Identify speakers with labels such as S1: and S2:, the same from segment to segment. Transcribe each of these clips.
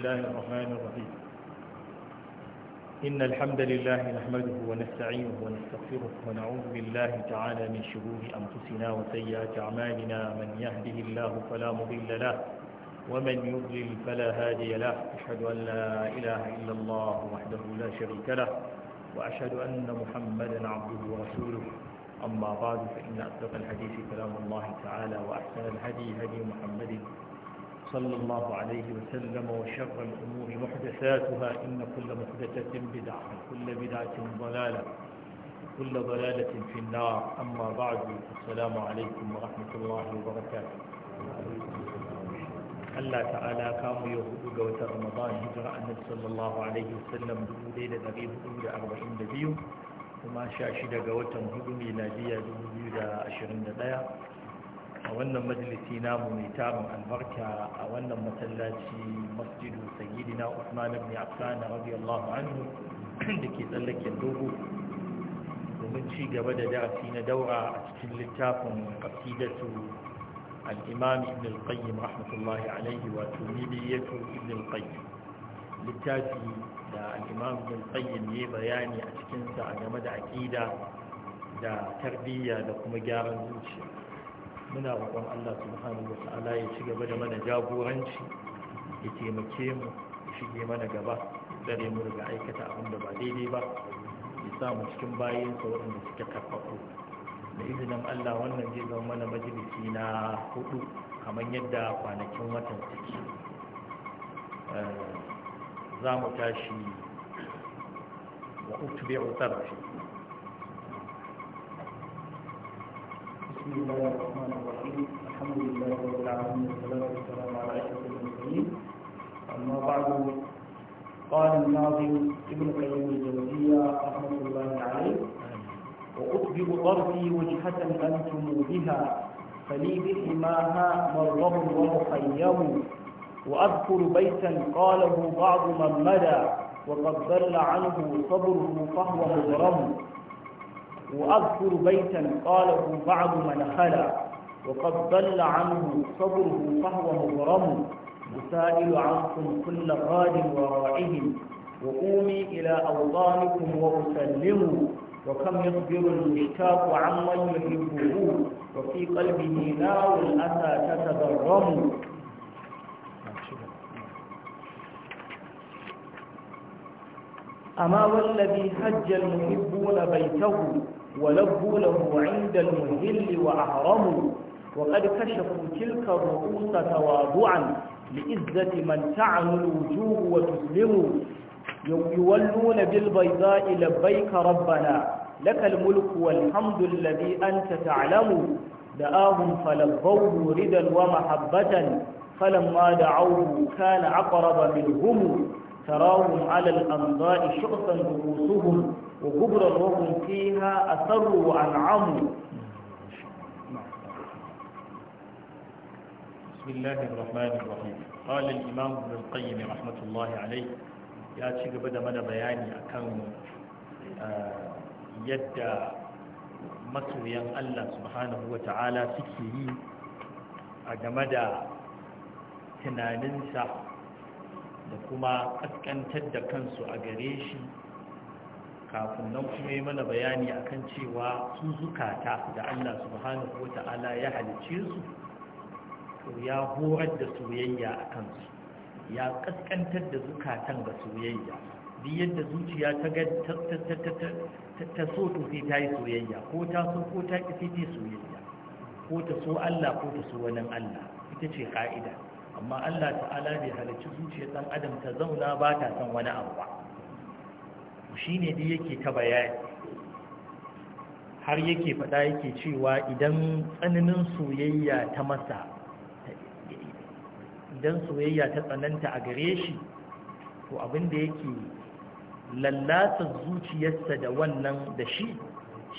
S1: الله
S2: الرحمن الرحيم إن الحمد لله نحمده ونستعينه ونستغفره ونعوذ بالله تعالى من شرور أنفسنا وسيئات أعمالنا من يهده الله فلا مضل له ومن يضلل فلا هادي له أشهد أن لا إله إلا الله وحده لا شريك له وأشهد أن محمدا عبده ورسوله أما بعد فإن أصدق الحديث كلام الله تعالى وأحسن الهدي هدي
S1: محمد صلى الله عليه وسلم وشر الأمور محدثاتها إن كل محدثة بدعة كل بدعة ضلالة كل ضلالة في النار أما بعد السلام عليكم ورحمة الله وبركاته الله تعالى كان يهود قوت رمضان هجر عن النبي صلى
S2: الله عليه وسلم دو ليلة دقيه أولى أربعين دبيو وما شاشد قوت مهدو ميلادية دو ميلادية أشرين دبيو a wannan majalisi mu mai tarin albarka a wannan masallaci masjidu sayyidina Usman ibn Affan radiyallahu anhu da ke tsallaken dogo domin ci gaba da darasi na daura a cikin littafin qasidatu al Ibn al-Qayyim rahmatullahi alaihi wato tunibiyatu Ibn al-Qayyim littafi da al-Imam Ibn al-Qayyim ya bayani a cikinsa a game da aƙida da tarbiyya da kuma gyaran zuciya muna roƙon Allah subhanahu ta'ala ya ci gaba da mana jagoranci ya taimake mu shige mana gaba dare mu daga aikata abin da ba daidai ba ya sa mu cikin sa waɗanda suke karfafu da izinin Allah wannan zai zama mana majalisi na hudu kamar
S1: yadda kwanakin watan suke eh, za mu tashi wa utubi'u tarfi بسم الله الرحمن الرحيم الحمد لله رب العالمين والصلاة والسلام على أشرف المرسلين أما بعد قال الناظم ابن قيم الجوزية رحمة الله عليه وأطبق طرفي وجهة أنتم بها فلي بحماها مره ومخيم وأذكر بيتا قاله بعض من مدى وقد ضل عنه صبره فهو مغرم وأذكر بيتا قاله بعض من خلا وقد ضل عنه صبره فهو مغرم أسائل عنكم كل غاد وراعهم وقومي إلى أوطانكم وأسلموا وكم يخبر المشتاق عمن يحبه وفي قلبه نار الأسى تتبرم أما والذي حج المحبون بيته ولبوا له عند المهل وأهرموا وقد كشفوا تلك الرؤوس تواضعا لإزة من تعن الوجوه وتسلموا يولون بالبيضاء لبيك ربنا لك الملك والحمد الذي أنت تعلم دعاهم فلبوه ردا ومحبة فلما دعوه كان أقرب منهم تراهم على الأنضاء شخصا رؤوسهم وكبر وهم فيها أسروا وأنعموا بسم الله الرحمن الرحيم قال الإمام ابن القيم رحمة الله عليه
S2: يا شيخ بدأ من بياني أكن آه، يد masoyan Allah الله سبحانه وتعالى suke yi a game da tunaninsa da kuma ƙasƙantar da kansu a gare shi kafin nan kuma yi mana bayani akan cewa su zukata da Allah subhanahu wata'ala ya halicce su to ya horar da soyayya a kansu ya kaskantar da zukatan ga soyayya duk yadda zuciya ta ga ta to sai ta yi soyayya ko ta so ko ta ƙi sai ta soyayya ko ta so Allah ko ta so wani Allah ita ce ka'ida amma Allah ta'ala bai halarci zuciyar ɗan adam ta zauna ba ta san wani abu ba shi ne da yake ta bayani har yake faɗa yake cewa idan tsananin soyayya ta masa idan soyayya ta tsananta a gare shi to abinda yake lallatar zuciyarsa da wannan da shi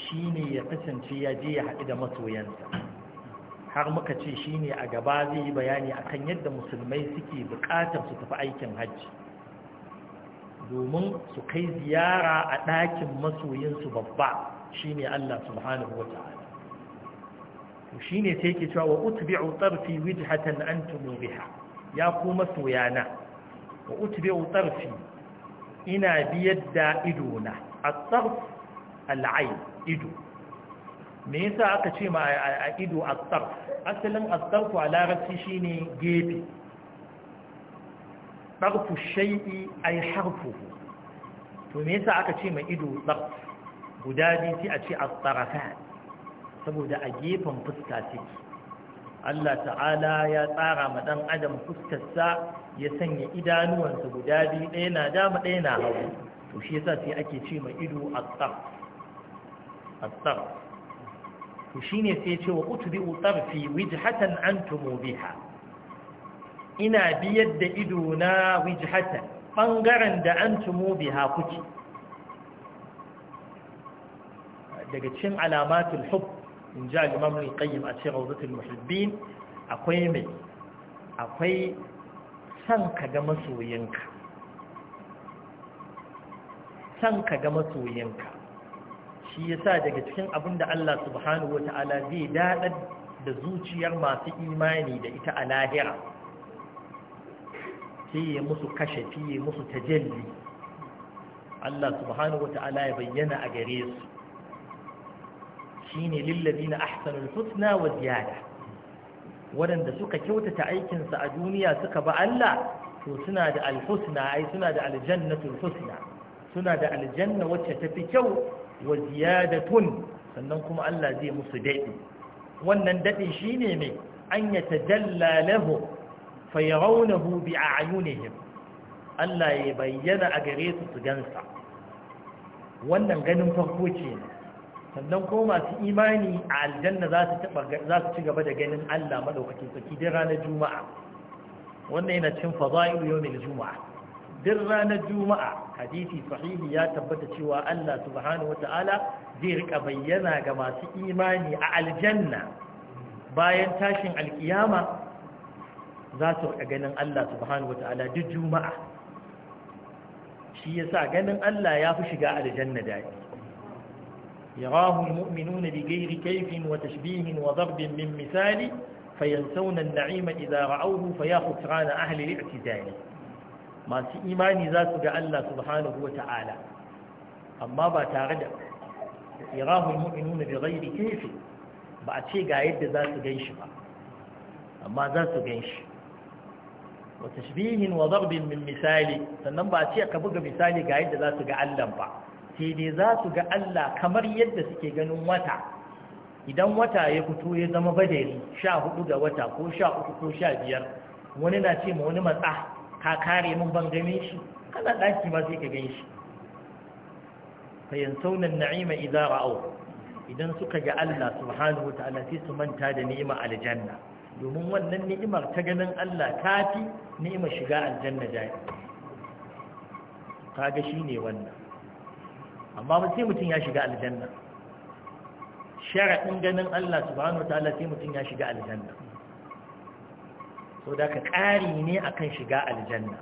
S2: shi ne ya kasance ya je ya haɗu da masoyansa har muka ce shi ne a gaba zai yi bayani akan yadda musulmai suke bukatar su tafi aikin hajji domin su kai ziyara a ɗakin masoyinsu babba shine Allah subhanahu wa ta'ala shi ne sai ke cewa wa utbi'u tarfi wijhatan antum biha ya ku masoyana wa utbi'u tarfi ina biyar da ido a tsarf tarf ido me yasa aka ce ma a ido a tsarf asalin a tarf a larabci shine gefe ɗarfu shai'i a yi harfuhu to me yasa aka ce mai ido ɗarf guda biyu sai a ce a tsarafa saboda a gefen fuska suke Allah ta'ala ya tsara ma ɗan adam fuskarsa ya sanya idanuwansa guda biyu ɗaya na dama ɗaya na hagu to shi yasa sai ake ce mai ido a tsarf to shine sai ce wa utubi utarfi wijhatan antum biha ina biyar da ido na wijhata ɓangaren da an tumo biha kuke daga cin alamatul hub in ji alimamun ƙayyar a cikin rauzatul muhibbin akwai mai akwai san ka ga masoyinka san ka ga masoyinka shi yasa daga cikin abinda da Allah subhanahu wa ta'ala zai daɗa da zuciyar masu imani da ita a lahira sai ya musu kashe fiye musu tajalli Allah subhanahu wata'ala ya bayyana a gare su shine na ahsanul husna wa ziyada waɗanda suka kyautata aikinsa a duniya suka ba Allah to suna da alhusna ai suna da aljannatul husna suna da aljanna wacce ta fi kyau wa ziyadatun sannan kuma Allah zai musu daɗi wannan daɗi shine mai an yatajalla lahum fayarawunahu bi a'yunihim Allah ya bayyana a gare su su gansa wannan ganin farko ce sannan ko masu imani a aljanna za su ci gaba da ganin Allah maɗaukacin sarki duk ranar juma'a wannan yana cin fada'ilu yawmin juma'a duk ranar juma'a hadisi sahihi ya tabbata cewa Allah subhanahu wata'ala zai rika bayyana ga masu imani a aljanna bayan tashin alkiyama za su ga ganin Allah subhanahu wata'ala duk juma'a shi yasa ganin Allah ya fi shiga aljanna dadi yarahu almu'minuna bighayri kayfin wa tashbihin wa darbin min misali fayansawna an-na'ima idha ra'awhu fayakhutrana ahli al-i'tidali masu imani za su ga Allah subhanahu wata'ala amma ba tare da yarahu almu'minuna ba a ce ga yadda za su gan ba amma za su gan wa tashbihin wa darbin misali sannan ba a ce ka buga misali ga yadda za su ga Allah ba sai dai za su ga Allah kamar yadda suke ganin wata idan wata ya fito ya zama badari sha hudu ga wata ko sha ko sha biyar wani na ce ma wani matsa ka kare min ban game shi kana ɗaki ma sai ka gan shi fayan na'ima idan ra'au idan suka ga Allah subhanahu wa ta'ala sai su manta da ni'ima aljanna domin wannan ni'imar ta ganin Allah ta fi ni'imar shiga aljanna jari kaga ne wannan amma sai mutum ya shiga aljanna sharaɗin ganin Allah subhanahu ta'ala sai mutum ya shiga aljanna so da ka ƙari ne akan shiga aljanna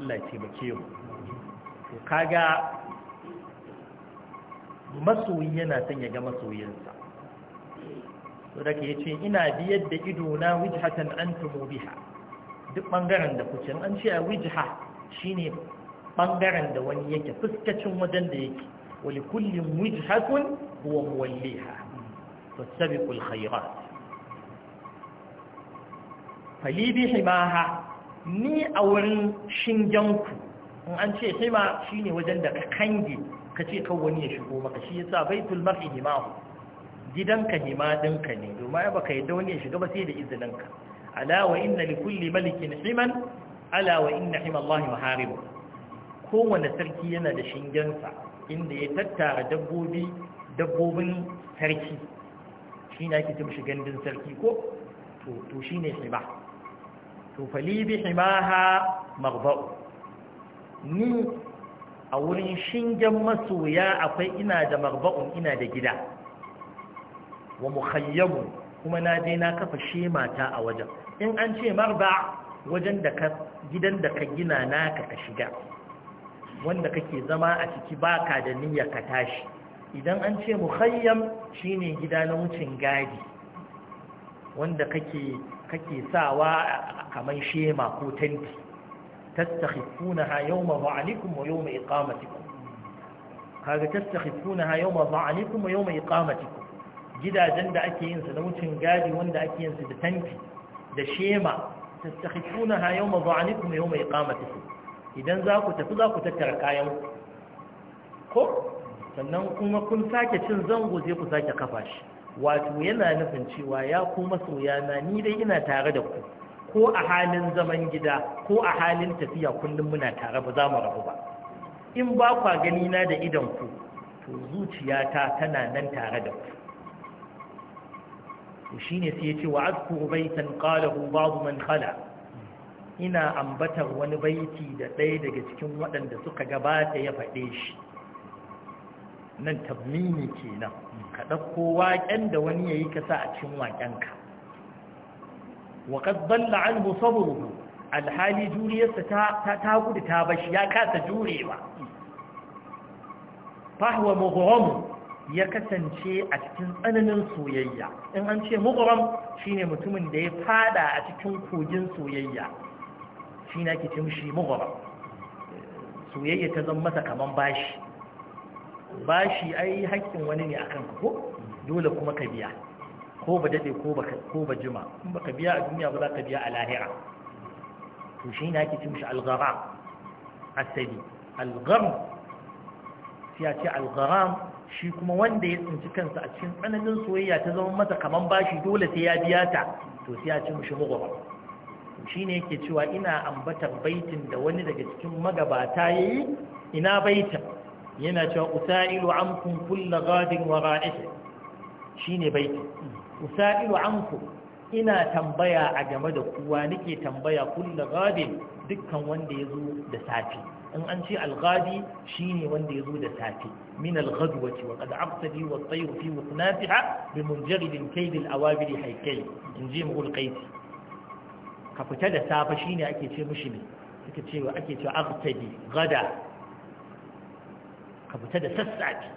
S2: Allah ya taimake yau. to kaga masoyi yana son ya ga masoyinsa to da ce ina biyar da ido na wijhatan an tumo biha duk ɓangaren da kuce an ce a wijha ne ɓangaren da wani yake fuskacin wajen da yake wani kullum wijhatun huwa muwalliha fasabiqul khairat fali bi himaha ni a wurin shingenku in an ce hima ne wajen da ka kange ka ce kawo wani ya shigo maka shi ya yasa baitul mar'i himahu gidanka ne ma ne domin ya baka yadda wani ya shiga ba sai da izininka ala wa inna li kulli malikin himan ala wa inna himallahi maharibu kowane sarki yana da shingensa inda ya tattara dabbobi dabbobin sarki shi na ake tumshi gandun sarki ko to shi ne hima to falibi himaha Marba'u. ni a wurin shingen masoya akwai ina da magba'un ina da gida wa mukhayyabu kuma na je na kafa shemata a wajen in an ce marba wajen da ka gidan da ka gina naka ka shiga wanda kake zama a ciki baka da niyyar ka tashi idan an ce mukhayyam shine gida na wucin gadi wanda kake kake sawa kamar shema ko tanti tastakhifunaha yawma dha'anikum wa yawma iqamatikum kaga tastakhifunaha yawma dha'anikum wa yawma iqamatikum gidajen da ake yin su da gadi wanda ake yin su da tanki da shema tattakhifuna yawma dha'anikum yawma iqamatikum idan za ku tafi za ku tattara kayan ko sannan kuma kun sake cin zango sai ku sake kafa shi wato yana nufin cewa ya ku masoya na ni dai ina tare da ku ko a halin zaman gida ko a halin tafiya kullum muna tare ba za mu rabu ba in ba kwa gani na da idan ku to zuciyata tana nan tare da ku shi ne sai yace wa asku baitan qalahu ba'd man khala ina ambatar wani baiti da ɗaya daga cikin waɗanda suka gabata ya faɗe shi nan tabmini kenan ka ɗauko waƙen da wani yayi ka sa a cikin waƙenka wa qad dalla anhu sabruhu alhali juriyarsa ta ta gudu ta bashi ya kasa jurewa fahwa mughram ya kasance a cikin tsananin soyayya in an ce mughram shine mutumin da ya fada a cikin kogin soyayya shi na ke ce mishi mughram soyayya ta zama masa kaman bashi bashi ai haƙƙin wani ne akan ko dole kuma ka biya ko ba dade ko ba jima in ba ka biya a duniya ba za ka biya a lahira to shi na ke ce mishi alghara asali algham Ya ce algharam shi kuma wanda ya tsinci kansa a cikin tsananin soyayya ta zama masa kaman bashi dole sai ya biya ta to sai ya ci mushi mugwaba shi ne yake cewa ina ambatar baitin da wani daga cikin magabata ya yi ina baita? yana cewa usa'ilu amkun kulla gadin wa ra'ishi shi ne baitin usa'ilu amkun ina tambaya a game da kuwa nake tambaya kulla gadin dukkan wanda ya zo da safi in an ce alghadi shine wanda ya zo da safe min alghadwati wa qad aqtadi wa tayru fi wasnatiha bi munjarid kayd alawabir haykay in ji mu alqaiti ka fita da safe shine ake ce mishi ne suka ce wa ake ce aqtadi gada ka fita da sassafe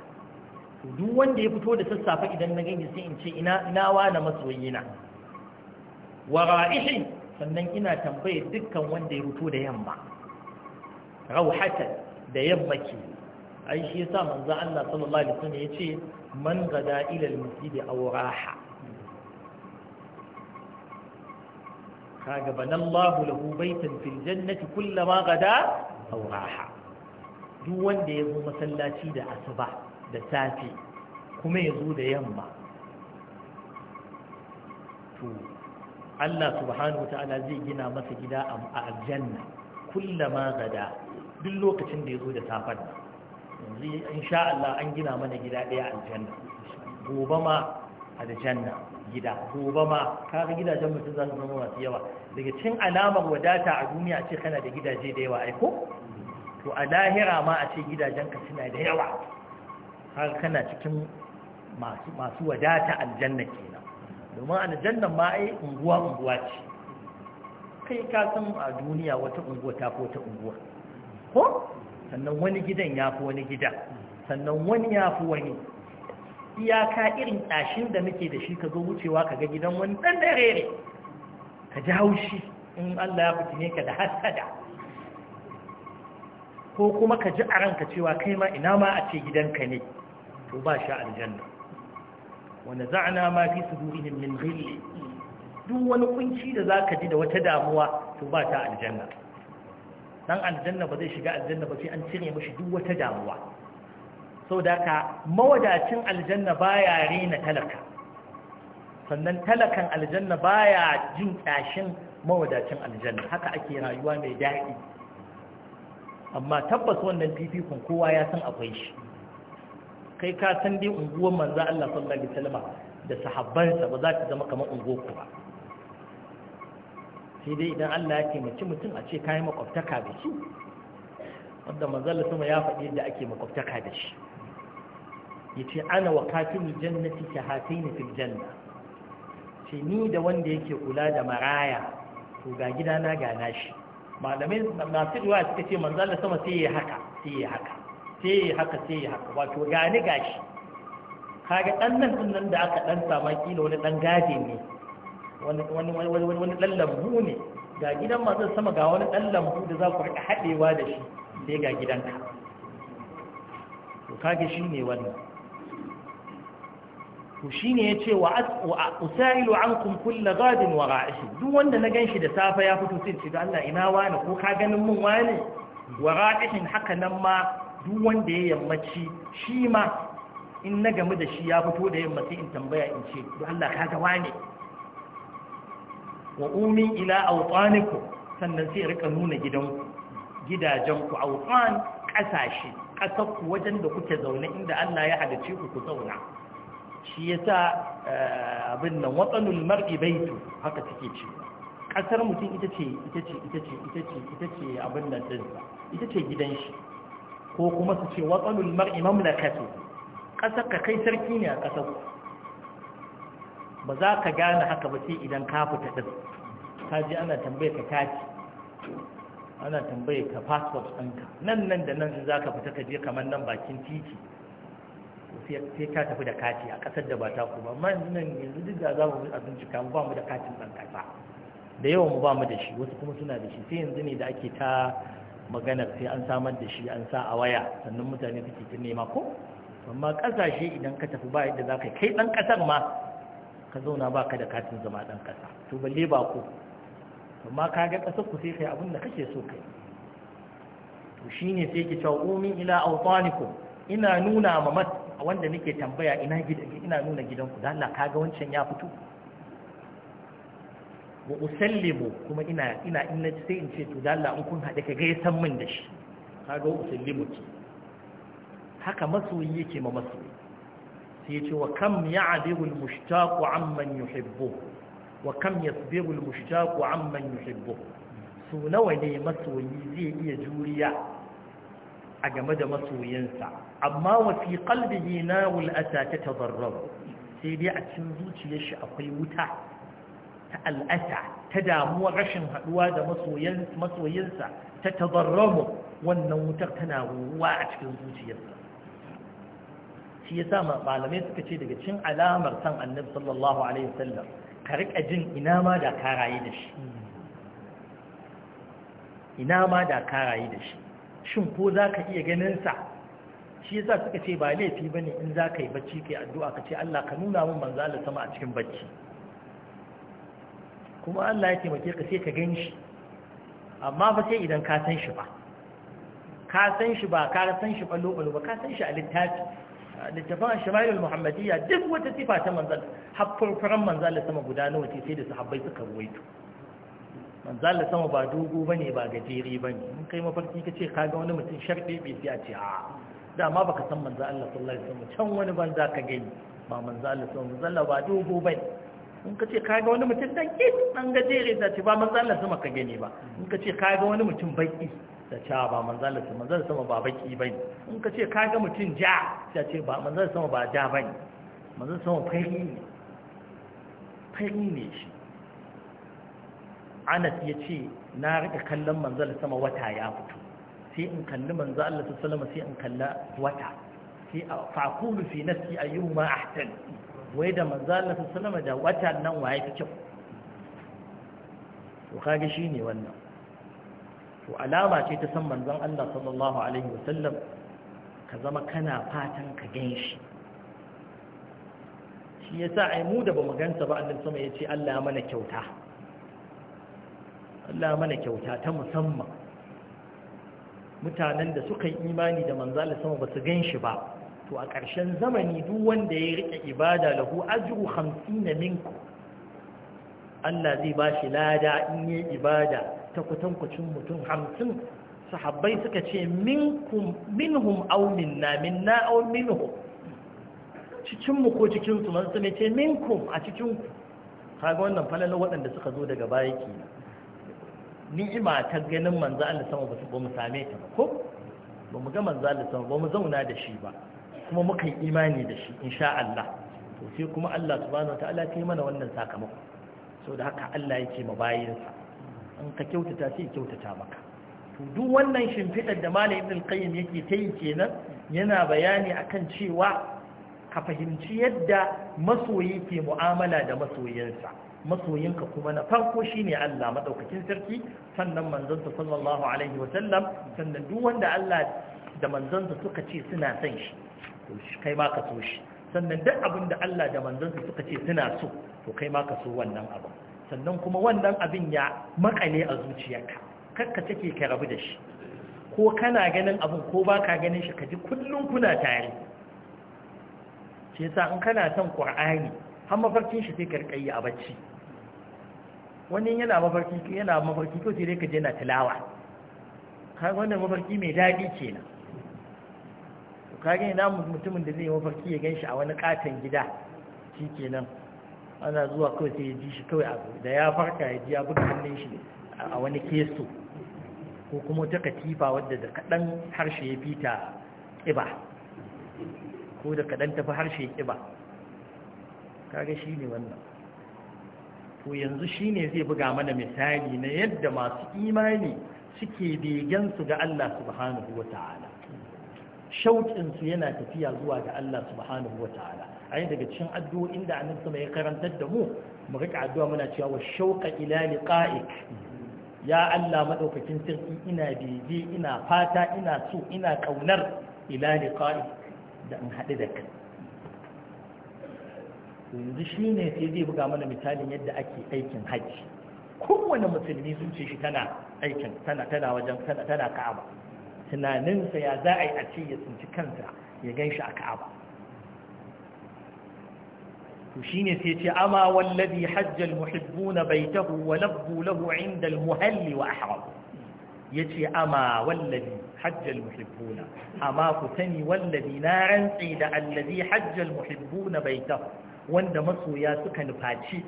S2: duk wanda ya fito da sassafe idan na gani sai in ce ina ina wa na masoyina wa ra'ihi sannan ina tambaye dukkan wanda ya fito da yamma rauhatan da yamma ke ai shi sa manzo Allah sallallahu alaihi wasallam ce, man gada ilal masjid aw raha kaga banallahu lahu baitan fil jannati kullama gada aw raha duk wanda ya zo masallaci da asuba da safe kuma ya zo da yamma to Allah subhanahu wa ta'ala zai gina masa gida a aljanna kullama gada duk lokacin da ya zo da safar yanzu in sha Allah an gina mana gida ɗaya aljanna gobe ma aljanna gida gobe ma kaga gidajen mutum za su zama masu yawa daga cin alamar wadata a duniya ce kana da gidaje da yawa aiko to a lahira ma a ce gidajen ka suna da yawa har kana cikin masu wadata aljanna kenan domin aljanna ma ai unguwa unguwa ce kai ka san a duniya wata unguwa ta fi wata unguwa ko sannan wani gidan ya fi wani gida sannan wani ya fi wani iyaka irin ɗashin da muke da shi ka zo wucewa ka ga gidan wani ɗan da rere ka ji haushi in Allah ya fi ka da hasada ko kuma ka ji a ranka cewa kai ma ina ma a ce gidanka ne to ba shi aljanna wanda za'ana ma fi sudurihim min ghilli
S1: duk wani kunci
S2: da za ka ji da wata damuwa to ba ta aljanna dan aljanna ba zai shiga aljanna ba sai an cire mashi duk wata damuwa sau da ka mawadacin aljanna baya rena talaka sannan talakan aljanna baya jin ƙashin mawadacin aljanna haka ake rayuwa mai daɗi amma tabbas wannan fifikon kowa ya san akwai shi kai ka san dai unguwar manza Allah sallallahu alaihi wasallam da sahabbansa ba za ta zama kamar unguwar ku ba sai dai idan Allah ya taimaki mutum a ce kayi makwabtaka da shi wanda manzala sama ya faɗi yadda ake makwabtaka da shi ya ce ana wa kafin jannati na fil janna ce ni da wanda yake kula da maraya to ga gida gidana ga nashi malamai masu ruwa suka ce manzala sama sai ya haka sai ya haka sai ya haka sai ya haka wato gani gashi kaga ɗan nan da aka ɗan samaki kila wani ɗan gaje ne wani ɗan lambu ne ga gidan masu sama ga wani ɗan lambu da za ku rika haɗewa da shi sai ga gidanka to kage shi ne wannan to shi ne ya ce wa usailu ankum kulla gadin wa ra'ishi duk wanda na ganshi da safe ya fito sai ce Allah ina wani ko ka ganin mun wani wa ra'ishin haka nan ma duk wanda ya yammaci shi ma in na gamu da shi ya fito da yamma sai in tambaya in ce duk Allah ka ga wani wa umi ila awtanikum sannan sai rika nuna gidanku gidajenku awtan kasashe kasarku wajen da kuke zaune inda Allah ya halice ku ku zauna shi yasa eh, abin nan watsanul mar'i baitu haka take ce kasar mutum ita ce ita ce ita ce ita ce ita ce abin nan din ita ce gidan shi ko kuma su ce watsanul mar'i mamlakatu kasar ka kai sarki ne a kasar ku ba za ka gane haka ba sai idan ka fita din ka ji ana tambaye ka kaci ana tambaye ka passport ɗinka nan nan da nan za ka fita ka je kamar nan bakin titi sai ka tafi da kati a ƙasar da ba ta ku ba man nan yanzu duk da za mu a bincika mu ba mu da katin ɗan ƙasa da yawan mu ba mu da shi wasu kuma suna da shi sai yanzu ne da ake ta maganar sai an samar da shi an sa a waya sannan mutane suke ta nema ko amma ƙasashe idan ka tafi ba yadda za ka kai ɗan ƙasar ma ka zauna ba ka da katin zama ɗan ƙasa to balle ba ku amma ka ga ƙasar ku sai kai abin da kake so kai to shine sai ki cewa umin ila autaniku ina nuna ma mat wanda nake tambaya ina gida ina nuna gidanku dan Allah ga wancan ya fito wa usallimu kuma ina ina ina sai in ce to dan Allah in kun haɗe ka ga ya san min da shi ga usallimu ce haka masoyi yake ma masoyi سيتي وكم يعذب المشتاق عمن يحبه وكم يصبر المشتاق عمن يحبه سو نوى لي مسوي زي إيه جوريا أجمد مسوي ينسى أما وفي قلبه نار الأتى تتضرر سيدي أتنزوتي يشي أقي وتا الأتى تدامو غشن هدواد مسوي ينسى تتضرر والنوتر تناهو وأتكنزوتي ينسى shi ya sa malamai suka ce daga cin alamar san annabi sallallahu alaihi wasallam ka rika jin ina ma da ka da shi ina ma da ka da shi shin ko za ka iya ganin sa shi ya sa suka ce ba laifi bane in za ka yi bacci kai addu'a ka ce Allah ka nuna min manzo Allah sama a cikin bacci kuma Allah ya taimake ka sai ka gan shi amma ba sai idan ka san shi ba ka san shi ba ka san shi ba lokalo ba ka san shi a littafi littafin al muhammadiyya duk wata sifa ta manzal haffarfaran manzal sama guda nawa ce sai da su Habbai suka ruwaito manzal sama ba dogo ba ne ba gajere bane in kai mafarki ka kace kaga wani mutum sharbe bai sai a ce a dama ka san manzal Allah sallallahu alaihi wasallam can wani banza ka gani ba manzal Allah sallallahu alaihi wasallam ba dogo bane in kace kaga wani mutum dan kit dan gajere da ce ba manzal Allah sama ka gani ba in kace kaga wani mutum baki da cewa ba manzalar sama manzalar sama ba baki ne in ka ce kaga mutum ja sai ce ba manzalar sama ba ja ne manzalar sama fari ne fari ne shi Anas ya ce na rika kallon manzalar sama wata ya fito sai in kalli manzo Allah sallallahu sai in kalla wata sai a fakulu fi nafsi a ahsan wai da manzo Allah sallallahu da wata nan waye ta kyau to kage ne wannan to alama ce ta san manzon Allah sallallahu alaihi wasallam ka zama kana fatan ka ganshi shi yasa ai mu da bamu gansa ba annabi sama yace Allah mana kyauta Allah mana kyauta ta musamman mutanen da suka yi imani da manzon Allah sama ba su ganshi ba to a ƙarshen zamani duk wanda ya rike ibada lahu ajru 50 minku Allah zai ba shi lada in yi ibada ta kwatankwacin mutum hamsin sahabbai suka ce minhum au minna minna au minhum cikinmu ko cikinsu man su ce minkum a cikinku kaga wannan falalar waɗanda suka zo daga baya ke ni'ima ta ganin manzo Allah sama ba su ba mu same ta ba ko ba mu ga manzo Allah sama ba mu zauna da shi ba kuma muka yi imani da shi insha Allah to sai kuma Allah subhanahu wataala ta yi mana wannan sakamako so da haka Allah yake mabayinsa in ka kyautata sai kyautata maka to duk wannan shimfidar da malam ibn al-qayyim yake ta yi kenan yana bayani akan cewa ka fahimci yadda masoyi ke mu'amala da masoyinsa masoyinka kuma na farko shine Allah madaukakin sarki sannan manzansa sallallahu alaihi wa sallam sannan duk wanda Allah da manzansa suka ce suna son shi to kai ma ka so shi sannan duk abin da Allah da manzansa suka ce suna so to kai ma ka so wannan abu. sannan kuma wannan abin ya makale a zuciyarka kakka take ka rabu da shi ko kana ganin abin ko ba ka ganin shi ka ji kullum kuna tare ce sa in kana son ƙwar'ani har mafarkin shi sai karkayi a bacci wani yana mafarki yana mafarki ko sai dai ka je na tilawa ka wannan mafarki mai daɗi kenan to ka ga ina mutumin da zai mafarki ya ganshi a wani katon gida shikenan ana zuwa kawai sai ya ji shi kawai abu da ya farka ya ji ya buga hannun shi a wani keso ko kuma ta katifa wadda da kaɗan harshe ya fita ƙiba ko da kaɗan tafi harshe ƙiba kaga shi ne wannan to yanzu shi ne zai buga mana misali na yadda masu imani suke begensu ga Allah subhanahu wa ta'ala shauƙinsu yana tafiya zuwa ga Allah subhanahu wa ta'ala Ayi daga cikin addu'o'in da annabi sama ya karantar da mu mu rika addu'a muna cewa wa shauqa ilali ƙa'ik ya Allah maɗaukakin sarki ina bege ina fata ina so ina ƙaunar ilali ƙa'ik da in haɗu da kai yanzu shi ne sai zai buga mana misalin yadda ake aikin hajji kowane musulmi sun ce shi tana aikin tana tana wajen tana ka'aba tunaninsa ya za a yi a ce ya tsinci kansa ya gan shi a ka'aba to shine sai ce ama wallazi hajjal muhibbuna baitahu wa labbu lahu inda al-muhalli wa ahram yace ama wallazi hajjal muhibbuna amma ku sani wallazi na rantsi da allazi hajjal muhibbuna baitahu wanda masoya suka nufaci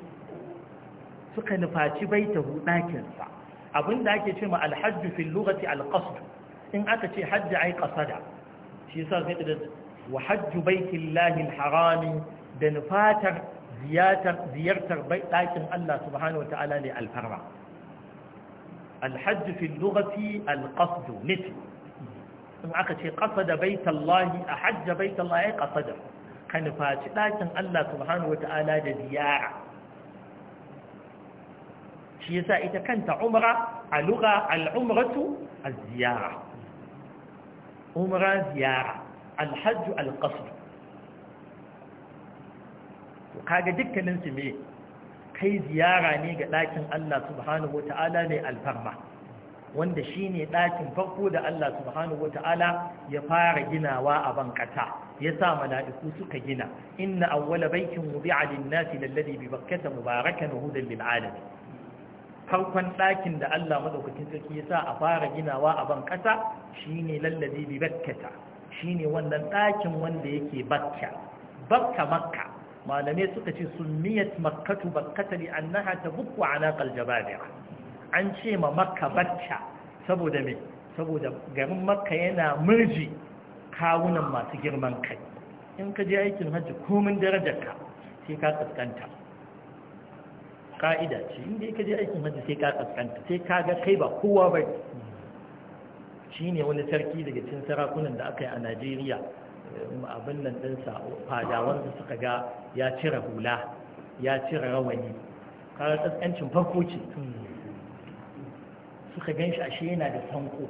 S2: suka nufaci baitahu dakin sa abinda ake cewa al-hajj fi al-lughati al-qasd in aka ce hajji ai qasada shi yasa sai da wa hajj baitillahi al-harami da nufatar ziyartar ɗakin Allah subhanahu wa ta'ala ne alfarma alhajji fi lugati alƙasdu nufi in aka ce ƙasa da baitallahi a hajji baitallahi ya ƙasa da ka nufaci ɗakin Allah subhanahu wa ta'ala da ziyara shi yasa ita kanta umra a luga al'umratu a ziyara umra ziyara alhajju alƙasdu kaga dukkanin su me kai ziyara ne ga ɗakin Allah subhanahu wata'ala ne alfarma wanda shine ɗakin farko da Allah subhanahu wata'ala ya fara ginawa a bankata ya sa mala'iku suka gina inna awwala baitin wudi'a lin-nasi lalladhi bi bakkata mubarakan hudan lil-alamin farkon ɗakin da Allah madaukakin sarki ya sa a fara ginawa a bankata shine lalladhi bi bakkata shine wannan ɗakin wanda yake bakka bakka makka malamai suka ce sunniyat makkatu bakkata li annaha tabukku alaqal jababira an ce ma makka bacca saboda me saboda garin makka yana murji kawunan masu girman kai in ka je aikin hajji komin ka, sai ka kaskanta ka'ida ce in inda ka je aikin hajji sai ka kaskanta sai ka ga kai ba kowa ba shi ne wani sarki daga cin sarakunan da aka yi a najeriya abin nan ɗinsa fadawansa suka ga ya cire hula ya cire rawani kawai tsakancin farko ce suka gan shi ashe yana da sanko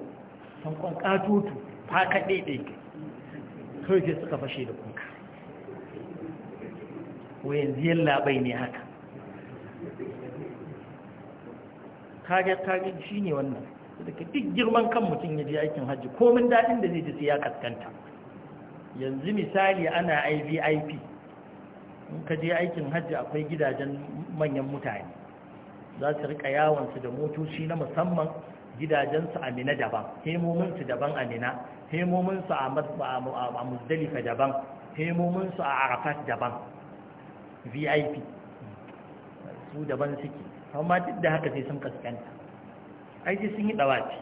S2: sankon katutu faka ɗaiɗe kawai sai suka fashe da kuka wayan ziyan labai ne haka kage kage shi ne wannan da duk girman kan mutum ya je aikin hajji komin daɗin da zai ji sai ya kaskanta yanzu misali ana ivip in ka je aikin hajji akwai gidajen manyan mutane za su rika yawansu da motoci na musamman gidajensu a mina daban hemominsu daban a mina hemominsu a musdalifa daban hemominsu a arafat daban vip su daban suke amma duk da haka sai sun kaskanta aiki sun yi dawafi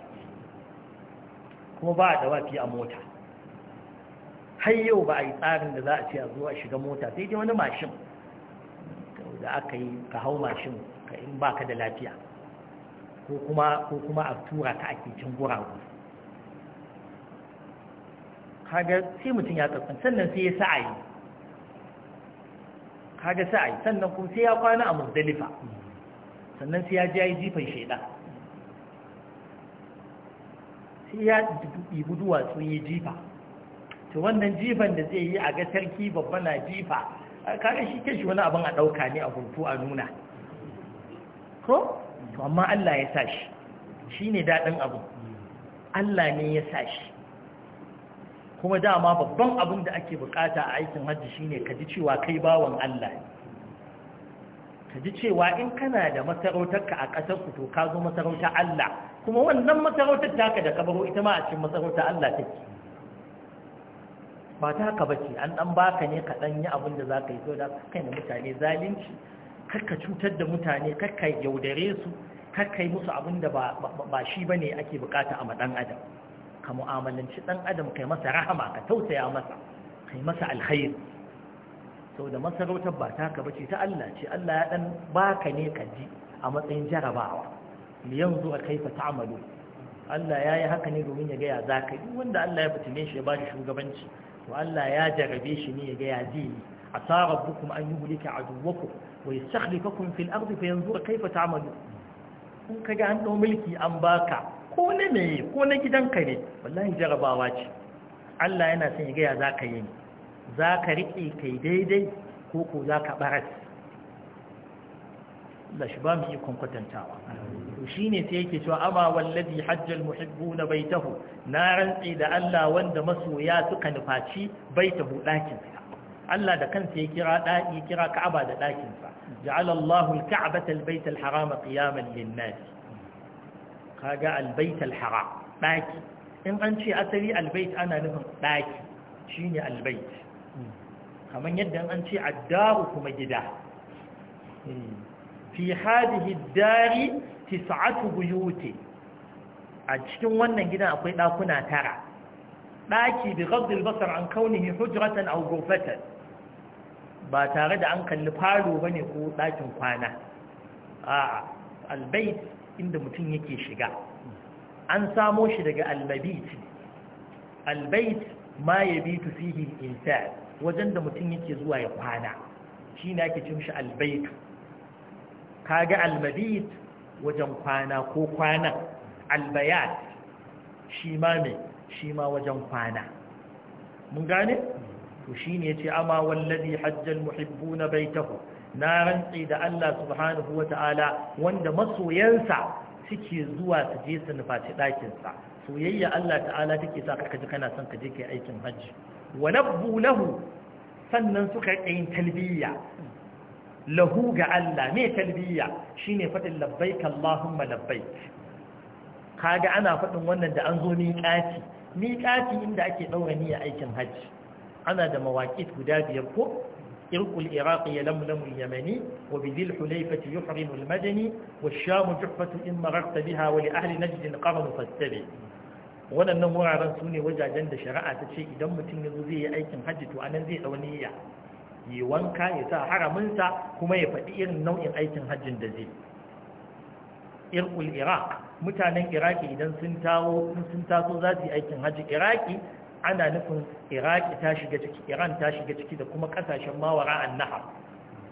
S2: kuma ba a dawafi a mota har yau ba a yi tsarin da za a ce a zo a shiga mota sai dai wani mashin da aka yi ka hau mashin ka in ba ka da lafiya ko kuma a tura ka ake cin guragu kaga sai mutum ya tsatsan sannan sai ya sa'ayi kaga sa'ayi sannan kuma sai ya kwana a muzdalifa sannan sai ya ji ya yi jifan shaida, sai ya ibi duwatsu ya jifa to wannan jifan da zai yi a ga sarki babba na jifa kaga shi ke shi wani abin a ɗauka ne a hutu a nuna ko to amma Allah ya sa shi shi ne daɗin abu Allah ne ya sa shi kuma dama babban abin da ake bukata a aikin hajji shi ka ji cewa kai bawan Allah ne ka ji cewa in kana da masarautarka a ƙasar ku to ka zo masarautar Allah kuma wannan masarautar taka da kabaro ita ma a cikin masarautar Allah take ba ta bace an dan baka ne ka yi abin da zaka yi so da kai ne mutane zalunci kakka cutar da mutane kakka yaudare su kakka yi musu abin da ba shi bane ake bukata a madan adam ka mu'amalanci dan adam kai masa rahama ka tausaya masa kai masa alkhairi sau da masarautar ba taka bace ta Allah ce Allah ya ɗan baka ne ka ji a matsayin jarabawa yanzu a kaifa ta'amalu Allah ya yi haka ne domin ya gaya za ka yi wanda Allah ya fitine shi ya ba shi shugabanci to Allah ya jarabe shi ne ga ya ji asa rabbukum an yuhlika aduwwakum wa yastakhlifakum fil yanzu fayanzura kayfa ta'malu kun kaga an dau mulki an baka ko na me ko na gidanka ne wallahi jarabawa ce Allah yana son ya ga ya zaka yi zaka rike kai daidai ko ko zaka baras Allah shi ba mu ikon kwatantawa to shine sai yake cewa ama wallazi hajjal muhibbuna baitahu na rantsi da Allah wanda masoya suka nufaci baitahu dakin sa Allah da kansa ya kira daki kira Ka'aba da dakin sa ja'ala Allahu al-Ka'bata al-Bayt al-Haram qiyaman lin-nas kaga al-Bayt al-Haram daki in an ce asali al-Bayt ana nufin daki shine al-Bayt kamar yadda an ce addaru kuma gida hmm. fi hadhihi ad-dari tisa'atu buyuti a cikin wannan gidan akwai ɗakuna tara ɗaki bi ghaddil basar an kaunihi hujratan aw ghurfatan ba tare da an kalli falo bane ko ɗakin kwana a'a albait inda mutum yake shiga an samo shi daga albabit Albait ma yabitu fihi al-insan wajen da mutum yake zuwa ya kwana shine ake cin shi albayt kaga almabit wajen kwana ko kwana albayat shi ma ne shi ma wajen kwana mun gane to ya yace amma wallazi hajjal na baitahu na rantsi da Allah subhanahu ta'ala wanda masoyansa suke zuwa su je su nufaci ɗakinsa soyayya Allah ta'ala take sa ka ji kana son ka je kai aikin hajji wa nabbu lahu sannan suka yi talbiyya. lahu ga Allah mai talbiya shine fadin labbaik Allahumma labbaik kaga ana fadin wannan da an zo miƙati miƙati inda ake daura niyyar aikin hajji ana da mawaqit guda biyar ko إرق العراقي لملم اليمني وبذي الحليفة يحرم المدني والشام جحفة إن مررت بها ولأهل نجد قرن فاتبع waɗannan wuraren sune wajajen da shari'a ta ce idan mutum ya zo zai yi aikin hajji to anan zai ɗauniya yi wanka ya sa haraminsa kuma ya faɗi irin nau'in aikin hajjin da zai irkul iraq mutanen iraki idan sun taso za su yi aikin hajjin iraki ana nufin iraki ta shiga ciki iran ta shiga ciki da kuma kasashen mawara an nahar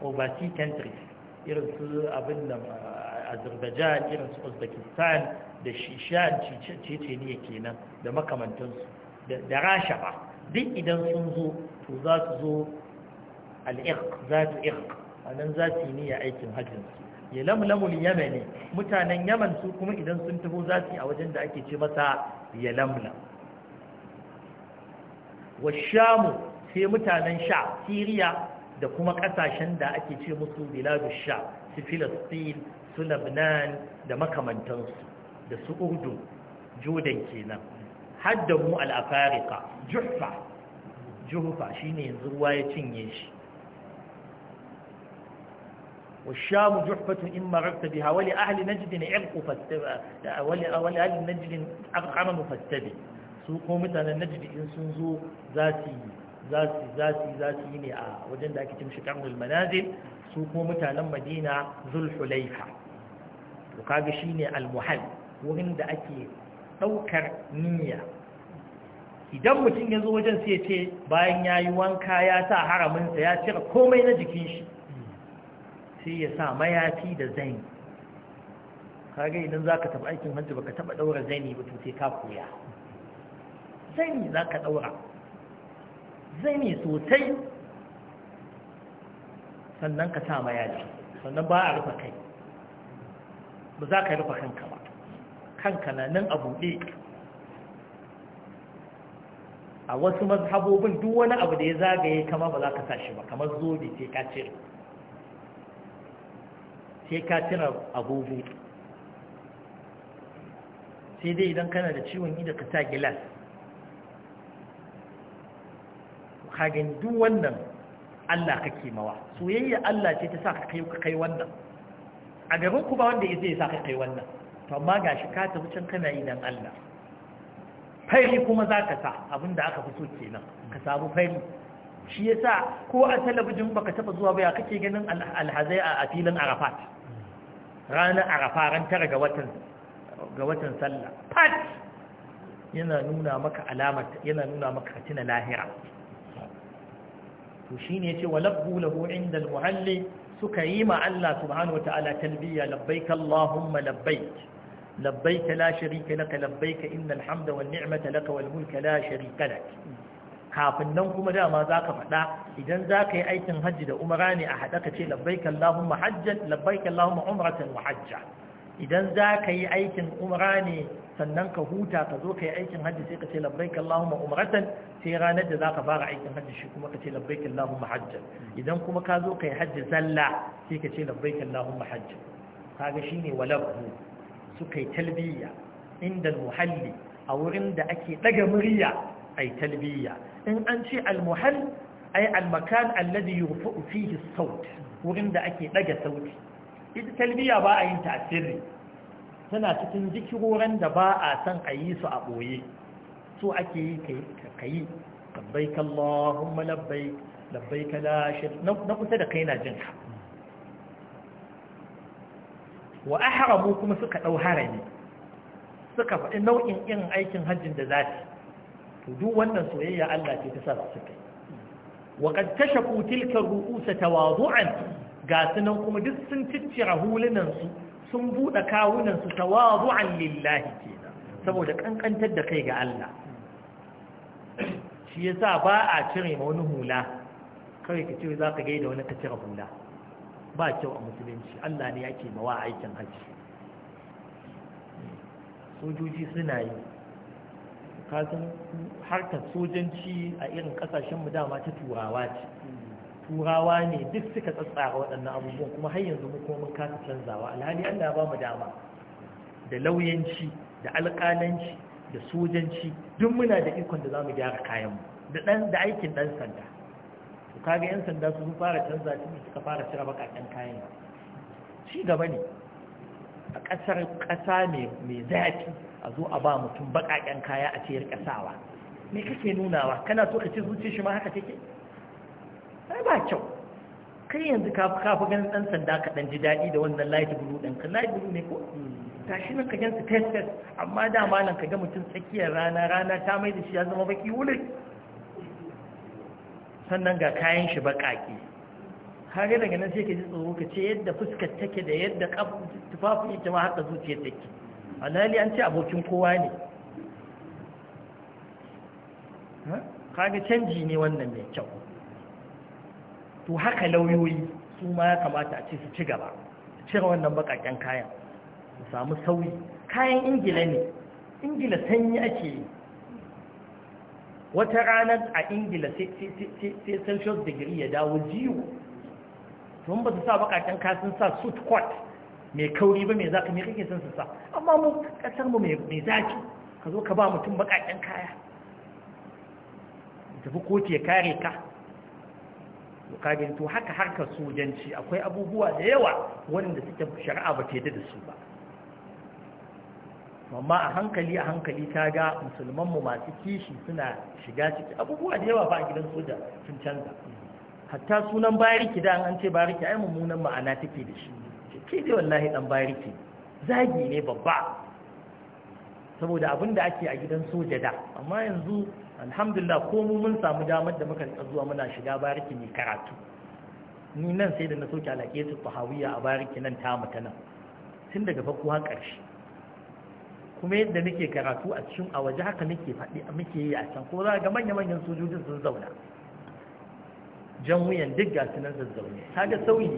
S2: overseas countries irin su abin da uh, azerbaijan irin su uzbekistan da shishan ceceniya kenan da makamantansu da rasha ba duk idan sun zo to za su zo al'iq za ta iq a nan za su yi niyya aikin hajjin su ya lamlamul yamani mutanen yaman su kuma idan sun taho za su yi a wajen da ake ce masa ya lamlam wa shamu sai mutanen sha siriya da kuma ƙasashen da ake ce musu biladu sha su filistin su labnan da makamantansu da su urdu jodan kenan Haddamu mu al'afarika juhfa juhfa shine yanzu ruwa ya cinye shi والشام جحفة إن مررت بها ولأهل نجد عرق فاتبع ولأهل نجد عمم فاتبع سوقوا مثلا نجد إن ذاتي ذاتي ذاتي ذاتي ne a wajen da ake cin shi karnul manazil su kuma mutanen madina zulhulaifa to kaga shine almuhal wurin da ake ɗaukar niyya idan mutum ya zo wajen sai ce bayan ya yi wanka ya sa haraminsa ya cire komai na jikin shi sai ya sa mayafi da zani kage idan zaka taba aikin hajji baka taba daura zaini ba to sai ka koya za zaka daura zaini sosai sannan ka sa mayafi sannan ba a rufe kai ba za ka rufe kanka ba kanka na nan a buɗe a wasu mazhabobin duk wani abu da ya zagaye kama ba za ka sa shi ba kamar zobe sai ka cire sai ka cira agogo sai dai idan kana da ciwon ido ka sa gilas hagen duk wannan Allah kake mawa soyayya Allah ce ta sa ka kai wannan a gaban ku ba wanda zai sa ka kai wannan to amma gashi ka tafi can kana idan Allah fari kuma za ka sa abinda aka fito kenan ka samu fari shi ya sa ko a talabijin baka taba zuwa baya kake ganin alhazai a filin arafat ranar arafa ran tara ga watan sallah pat yana nuna maka alamar yana nuna maka tuna lahira to shine yace walabbu lahu inda muhalli suka yi ma Allah subhanahu wataala talbiya labbaik allahumma labbaik labbaik la sharika lak labbaik innal hamda wan ni'mata lak wal mulka la sharika kafin nan kuma dama za ka faɗa idan za ka yi aikin hajji da umara ne a haɗa ka ce labbaik Allahumma hajjan labbaik Allahumma wa hajja idan za ka yi aikin umara ne sannan ka huta ka zo ka yi aikin hajji sai ka ce labbaik Allahumma sai ranar da za ka fara aikin hajji shi kuma ka ce labbaik Allahumma idan kuma ka zo ka yi hajji zalla sai ka ce labbaik Allahumma hajjan kaga shine walabbu suka yi talbiya inda muhalli a wurin da ake daga murya ay talbiya in an ce almuhal ay almakan alladhi yurfa'u fihi as-saut wurin da ake daga sauti ita talbiya ba a yin ta a tana cikin zikiroran da ba a san a yi su a boye so ake yi kai labbaik allahumma labbaik labbaik la shirk na kusa da kai na jin ka wa ahramu kuma suka ɗau harami suka faɗi nau'in irin aikin hajjin da za su to duk wannan soyayya Allah ce ta sa su suka wa qad kashafu tilka ru'us tawadu'an ga sunan kuma duk sun ciccira hulunan su sun bude kawunan su tawadu'an lillahi kenan saboda kankantar da kai ga Allah shi yasa ba a cire ma wani hula kawai ka ce za ka gaida wani ka cire hula ba kyau a musulunci Allah ne yake mawa aikin hajji sojoji suna yi kasan harkar sojanci a irin kasashen mu dama ta turawa ce turawa ne duk suka tsatsara waɗannan abubuwan kuma har yanzu mu kuma mun kasa canzawa alhali Allah ba mu dama da lauyanci da alƙalanci da sojanci duk muna da ikon da zamu gyara kayan mu da dan da aikin dan sanda to kaga yan sanda su fara canza su suka fara cire bakakan kayan ci gaba ne a ƙasar ƙasa mai zafi a zo a ba mutum baƙaƙen kaya a ce ƙasawa. sawa me kake nunawa kana so ka ce zuci shi ma haka take ai ba kyau kai yanzu ka fi ganin ɗan sanda ka ɗan ji daɗi da wannan light blue ɗin ka light blue ne ko tashi nan ka gan su test test amma dama nan ka ga mutum tsakiyar rana rana ta mai da shi ya zama baki wulai. sannan ga kayan shi baƙaƙe kage daga nan sai ka ji tsoro ka ce yadda fuskar take da yadda tufafin ita ma haka zuciyar take alhali an ce abokin kowa ne kage canji ne wannan mai kyau to haka lauyoyi su ma ya kamata a ce su ci gaba cire wannan bakaken kayan su samu sauyi kayan ingila ne ingila sanyi ake yi wata ranar a ingila sai celsius degree ya dawo jiwo don ba su sa bakaken kasin sa suit coat mai kauri ba mai zaka mai kake son su sa amma mu kasar mu mai zaki ka zo ka ba mutum bakaken kaya tafi kotu ya kare ka to haka harkar sojanci akwai abubuwa da yawa wanda suke shari'a ba ta da su ba amma a hankali a hankali ta ga musulmanmu masu kishi suna shiga ciki abubuwa da yawa ba a gidan soja sun canza hatta sunan bariki da an ce bariki ai mummunan ma'ana take da shi ke dai wallahi dan bariki zagi ne babba saboda abin da ake a gidan soja da amma yanzu alhamdulillah ko mu mun samu damar da muka rika zuwa muna shiga bariki mai karatu ni nan sai da na soke alaƙe su fahawiya a bariki nan ta mata nan tun daga farko har ƙarshe kuma yadda nake karatu a cikin a waje haka nake faɗi muke yi a can ko za ga manya-manyan sojojin sun zauna jan wuyan duk gasu nan zazzaune kaga sauyi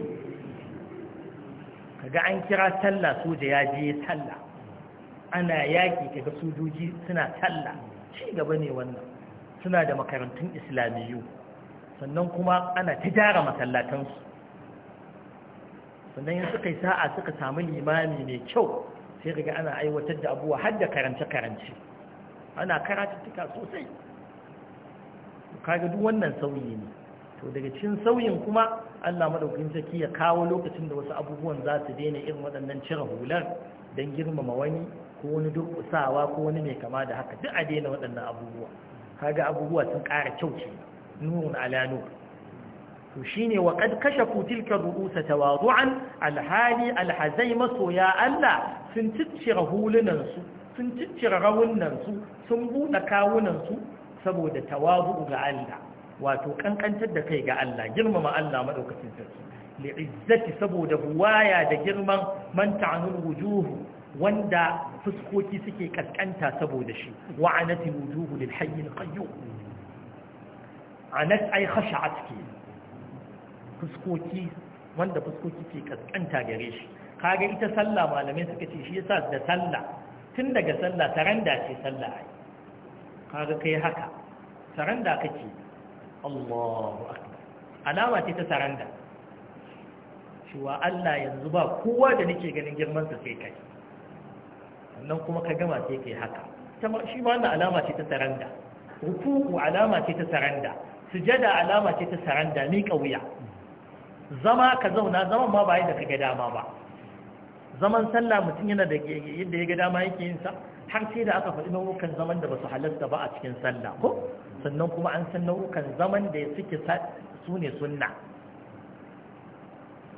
S2: kaga an kira talla soja ya je talla ana yaki kaga sojoji suna talla ci gaba ne wannan suna da makarantun islamiyyu sannan kuma ana ta gyara masallatansu sannan yin suka yi sa'a suka samu limami mai kyau sai kaga ana aiwatar da abuwa har da karance-karance ana karatuttuka sosai kaga duk wannan sauyi ne to daga cikin sauyin kuma Allah madaukakin sarki ya kawo lokacin da wasu abubuwan za su daina irin waɗannan cire hular don girmama wani ko wani durƙusawa ko wani mai kama da haka duk a daina waɗannan abubuwa kaga abubuwa sun ƙara kyau ce nurun ala nur to shine wa qad kashafu tilka ru'usa tawadu'an alhali alhazai masoya Allah sun ciccire hulunan su sun ciccire rawunan su sun buɗe kawunan su saboda tawadu ga Allah wato kankantar da kai ga Allah girmama Allah madaukakin sarki li'izzati saboda buwaya da girman man ta'anul wujuhu wanda fuskoki suke kaskanta saboda shi wa anati wujuhu lil hayy al qayyum anat ay khash'at ki fuskoki wanda fuskoki suke kaskanta gare shi kaga ita sallah malamai suka ce shi yasa da sallah tun daga sallah taranda ce sallah ai kaga kai haka taranda kake Allahu akbar alama ce ta saranda cewa Allah yanzu ba kowa da nake ganin girmansa sai kai sannan kuma ka gama sai kai haka shi ma wannan alama ce ta saranda rukuku alama ce ta saranda sujada alama ce ta saranda ni kauya zama ka zauna zaman ma ba yadda ka ga dama ba zaman sallah mutum yana da yadda ya ga dama yake yin sa har sai da aka faɗi nau'ukan zaman da ba su halatta ba a cikin sallah ko sannan kuma an san nau'ukan zaman da suke su ne sunna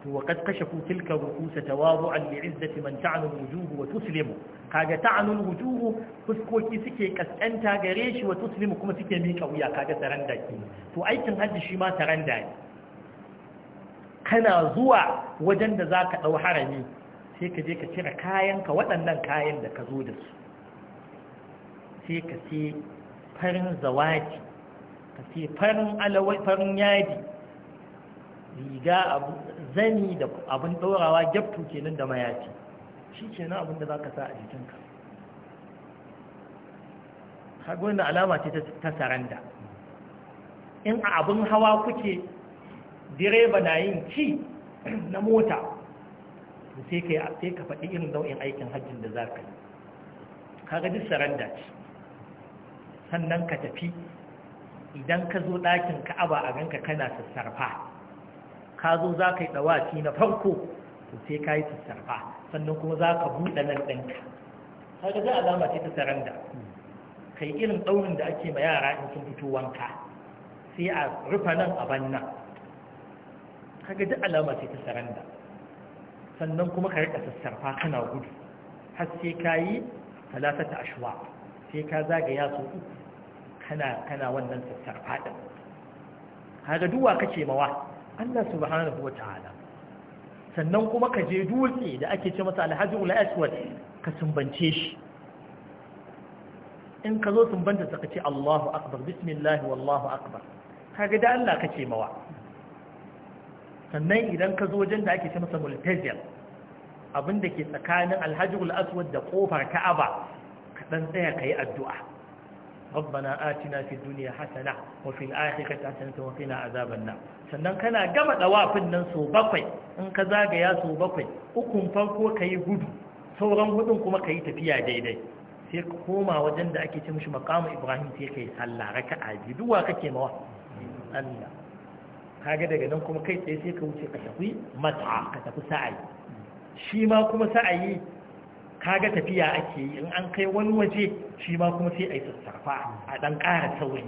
S2: to wa kad kashafu tilka rukusa tawadu'an li izzati man ta'anu wujuhu wa tuslimu kaga ta'anu wujuhu fuskoki suke kaskanta gare shi wa tuslimu kuma suke mika wuya kaga taranda ke to aikin hajji shi ma taranda ne kana zuwa wajen da zaka dau harami sai ka je ka cire kayanka waɗannan kayan da ka zo da su sai ka sai farin zawaji ka sai farin alawai farin yadi riga zani da abin ɗorawa gyaftu kenan da mayaci shi kenan abin da za ka sa a jikinka kagon da alama ce ta saranda in a abin hawa kuke direba na yin ci na mota sai ka sai ka faɗi irin nau'in aikin hajjin da za ka yi kaga duk saranda ce sannan ka tafi idan ka zo ɗakin ka'aba a ganka kana sassarfa ka zo za ka yi ɗawaci na farko to sai ka yi sassarfa sannan kuma za ka buɗe nan ɗinka kaga za zama ce ta saranda Ka yi irin ɗaurin da ake ma yara in sun fito wanka sai a rufa nan a banna kaga duk alama ce ta saranda sannan kuma ka riƙa sassarfa kana gudu har sai ka yi talatata ashwa sai ka zagaya su uku kana kana wannan sassarfa din kaga duwa kace mawa Allah subhanahu wataala sannan kuma ka je dutse da ake ce masa alhajjul aswad ka sumbance shi in ka zo sumbanta ta kace Allahu akbar bismillah wallahu akbar kaga da Allah kace mawa sannan idan ka zo wajen da ake ce masa multazir abinda ke tsakanin alhajjul aswad da kofar ka'aba ka dan tsaya kai addu'a ربنا آتنا في الدنيا حسنة وفي الآخرة حسنة وقنا عذاب النار sannan kana gama dawafin nan so bakwai in ka zagaya so bakwai ukun farko kayi gudu sauran hudun kuma kayi tafiya daidai sai ka koma wajen da ake ce mishi maqamu Ibrahim sai kai sallah raka'a biyu duwa kake mawa Allah kaga daga nan kuma kai tsaye sai ka wuce ka tafi mata ka tafi sa'ayi shi ma kuma sa'ayi kaga tafiya ake yi in an kai wani waje shi ma kuma sai a yi sassafa a ɗan ƙara sauri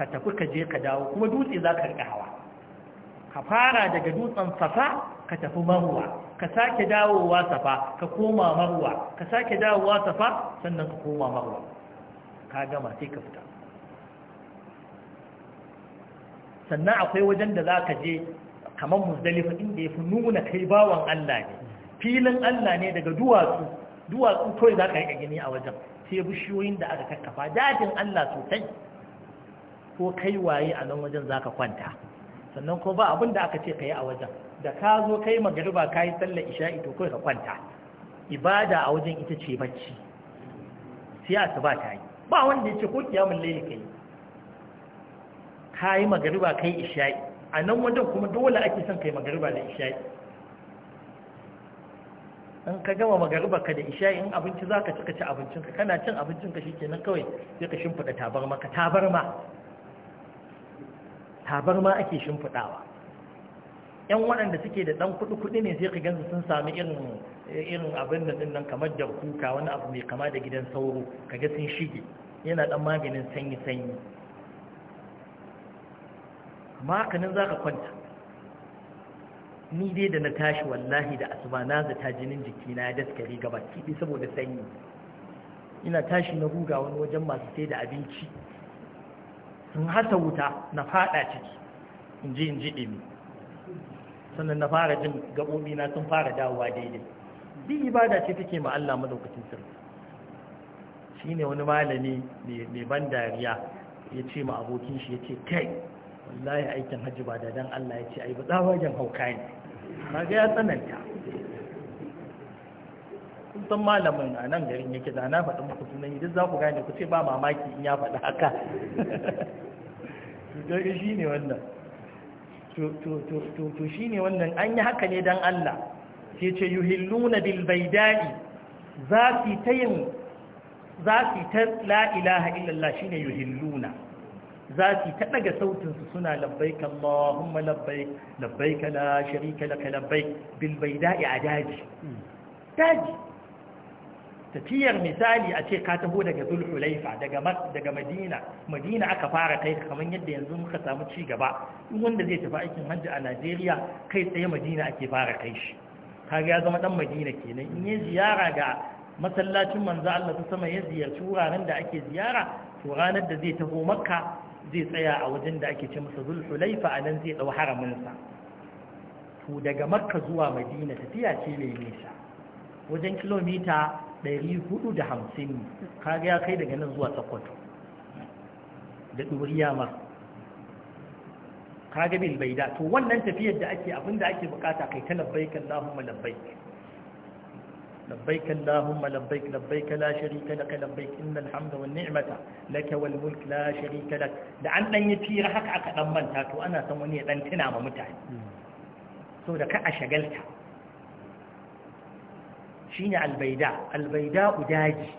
S2: ka tafi ka je ka dawo kuma dutse za ka riƙa hawa ka fara daga dutsen safa ka tafi marwa ka sake dawowa safa ka koma marwa ka sake dawowa safa sannan ka koma marwa ka gama sai ka fita sannan akwai wajen da za ka je kamar musdalifa inda ya fi nuna kai bawan Allah ne filin Allah ne daga duwatsu duwatsu kawai za ka yi gani a wajen sai bishiyoyin da aka kakkafa dajin Allah sosai ko kai waye a nan wajen za ka kwanta sannan ko ba abin da aka ce ka yi a wajen da ka zo kai magariba ka yi sallar isha'i to kawai ka kwanta ibada a wajen ita ce bacci sai ba ta yi ba wanda ya ce ko kiyamun laili ka yi ka yi magariba yi ishayi a nan wajen kuma dole ake son ka yi magariba da ishayi in ka gama magariba ka da ishayi in abinci za ka cika ci abincinka kana cin abincinka shi kenan kawai sai ka shimfiɗa tabarma ka tabarma tabarma ake shimfiɗawa yan waɗanda suke da ɗan kuɗi-kuɗi ne sai ka gansu sun sami irin abin da nan kamar da kuka wani abu mai kama da gidan sauro kaga sun shige yana ɗan maganin sanyi-sanyi nan za ka kwanta ni dai da na tashi wallahi da asuba na zata jinin na ya daskare gaba kiɗi saboda sanyi ina tashi na guga wani wajen masu sai da abinci sun hasa wuta na fada ciki in ji in ji ɗimi sannan na fara jin gaɓoɓi na sun fara dawowa daidai Bi ibada ce take ma Allah madaukakin sirri shine wani malami mai ban dariya ya ce ma abokin shi ya ce kai ya aikin hajji ba da don Allah ya ce yi ba tsawajen hauka ne ga ya tsananta kun san malamin a nan garin yake da na faɗin muku sunan duk za ku gane ku ce ba mamaki in ya faɗi haka to shi ne wannan to shi ne wannan an yi haka ne don Allah ke ce yuhilluna bil baidai za su ta yin za su ta la ilaha illallah shine yuhilluna za su ta daga sautinsu suna labbaik Allahumma labbaik labbaik la sharika laka labbaik bilbai baida'i a daji daji tafiyar misali a ce ka taho daga zulhulaifa daga madina madina aka fara kai kamar yadda yanzu muka samu ci gaba wanda zai tafi aikin hajji a najeriya kai tsaye madina ake fara kai shi kaga ya zama dan madina kenan in ya ziyara ga masallacin manzo Allah ta sama ya ziyarci wuraren da ake ziyara to ranar da zai taho makka zai tsaya a wajen da ake ce masa zulhulaifa a nan zai ɗau haraminsa to daga makka zuwa madina tafiya ce mai nisa wajen kilomita 450 kaga ya kai daga nan zuwa sokoto da ɗuriya ma kaga bilbaida to wannan tafiyar da ake abinda ake bukata kai ta labbaik Allahumma labbaik لبيك اللهم لبيك لبيك لا شريك لك لبيك إن الحمد والنعمة لك والملك لا شريك لك لعن أن يتير حق عقد أمان تاتو أنا سموني لن تنام متعب سو دك أشغلتها شين البيداء البيداء داجي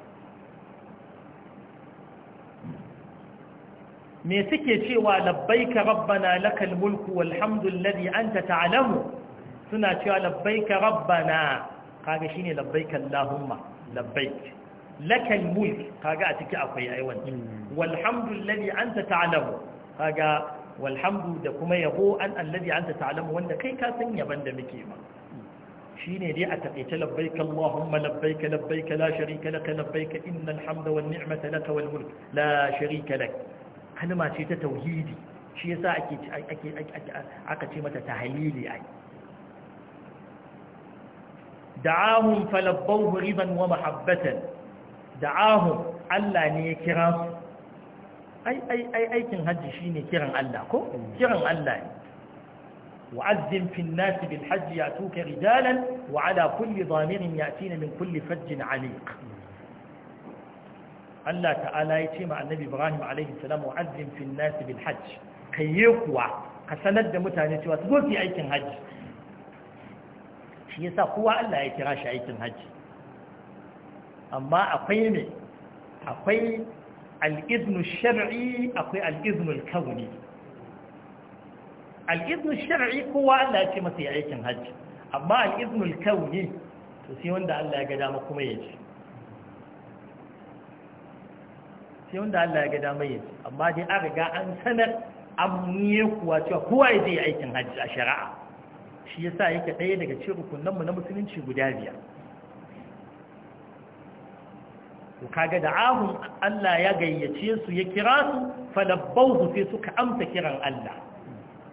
S2: me suke cewa labbaika rabbana lakal mulku walhamdulillazi anta ta'lamu suna cewa labbaika rabbana kaga shine labbaik allahumma labbaik lakal mulk kaga a ciki akwai aiwan hmm.
S1: walhamdulillahi
S2: anta ta'lamu kaga walhamdu da kuma yabo an allazi anta ta'lamu wanda kai ka san yaban da muke ba shine dai a takeice labbaik allahumma labbaik labbaik la sharika lak labbaik innal hamda wan ni'mata lak wal mulk la sharika lak kalma ce ta tauhidi shi yasa ake ake aka ce mata tahlili ai da'ahum falabbawhu riban wa mahabbatan da'ahum Allah ne ya kira su ai ai ai aikin hajji shine kiran Allah ko kiran Allah ne wa'azzin fi an-nas bil hajji yatuka rijalan wa ala kulli dhamirin yatina min kulli fajjin 'aliq Allah ta'ala ya ce ma annabi Ibrahim alaihi salam wa'azzin fi an-nas bil hajj kayye kuwa ka sanar da mutane cewa su zo su aikin hajji shi yasa kowa Allah ya kira shi aikin hajji amma akwai ne akwai al'iznu shar'i akwai al'iznu kauni al'iznu shar'i kowa Allah ya ce masa aikin hajji amma al'iznu kauni to sai wanda Allah ya ga dama kuma ya ce sai wanda Allah ya ga dama ya ce amma dai an riga an sanar an yi kuwa cewa kowa ya je aikin hajji a shari'a shi yasa yake ɗaya daga cikin rukunanmu na musulunci guda biyar to kaga da ahun Allah ya gayyace su ya kira su falabbauhu sai suka amsa kiran Allah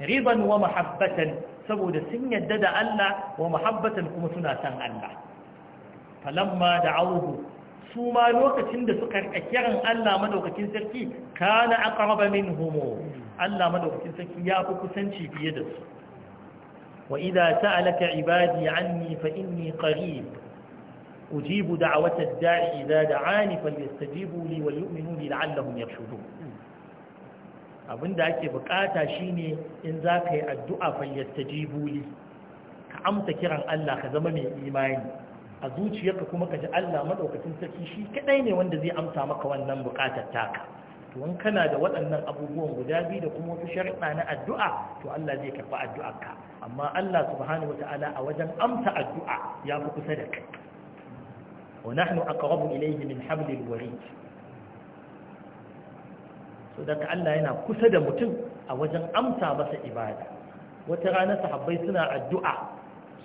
S2: riban wa mahabbatan saboda sun yadda da Allah wa mahabbatan kuma suna san Allah falamma da su ma lokacin da suka rika kiran Allah madaukakin sarki kana aqraba minhum Allah madaukakin sarki ya fi kusanci fiye da su وإذا سألك عبادي عني فإني قريب أجيب دعوة الداعي إذا دعاني فليستجيبوا لي وليؤمنوا لي لعلهم يرشدون abin da ake bukata shine in za ka yi addu'a fayyasta jibuli ka amsa kiran Allah ka zama mai imani a zuciyarka kuma ka ji Allah maɗaukacin sarki shi kaɗai ne wanda zai amsa maka wannan bukatar taka to kana da waɗannan abubuwan guda biyu da kuma wasu shari'a na addu'a to Allah zai karɓi addu'arka amma Allah subhanahu ta'ala a wajen amsa addu'a ya fi kusa da kai wa nahnu aqrabu ilayhi min hablil warid so daga Allah yana kusa da mutum a wajen amsa masa ibada wata rana sahabbai suna addu'a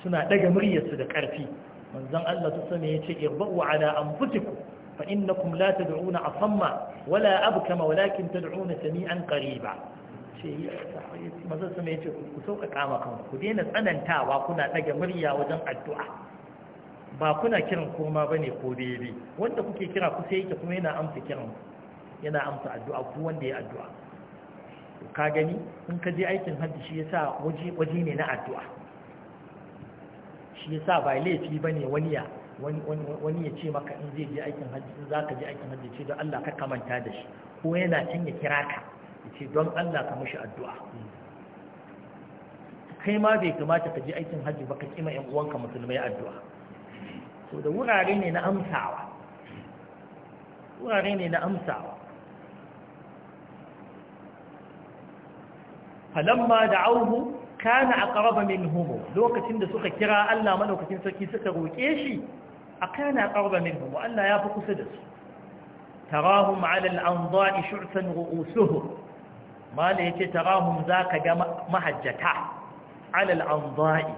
S2: suna daga muryarsu da ƙarfi manzon Allah su sani ce irba'u ala anfusikum فإنكم لا تدعون أصما ولا أبكم ولكن تدعون سميعا قريبا شيء ماذا سمعت Ku كامكم كدين أننتا وكنا تجمريا وجمع الدعاء ba kuna kiran koma bane ko bebe wanda kuke kira ku sai yake kuma yana amsa addu'a ku wanda ya addu'a ka gani in kaje aikin hajji shi waje ne na addu'a shiyasa ba laifi bane wani ya ce maka in zai je aikin hajji in za ka je aikin hajji ce don Allah ka kamanta da shi ko yana can ya kira ka ya ce don Allah ka mushi addu'a kai ma bai kamata ka je aikin hajji ba ka kima yan uwanka musulmai addu'a so da wurare ne na amsawa wurare ne na amsawa falamma da'awhu kana lokacin da suka kira Allah madaukakin sarki suka roke shi a kana ƙarba min hu Allah ya fi kusa da su tarahun ma'adal an zaɗi shurtan ru'usuhu mala ya ce tarahun za ka ga mahajjata alal an zaɗi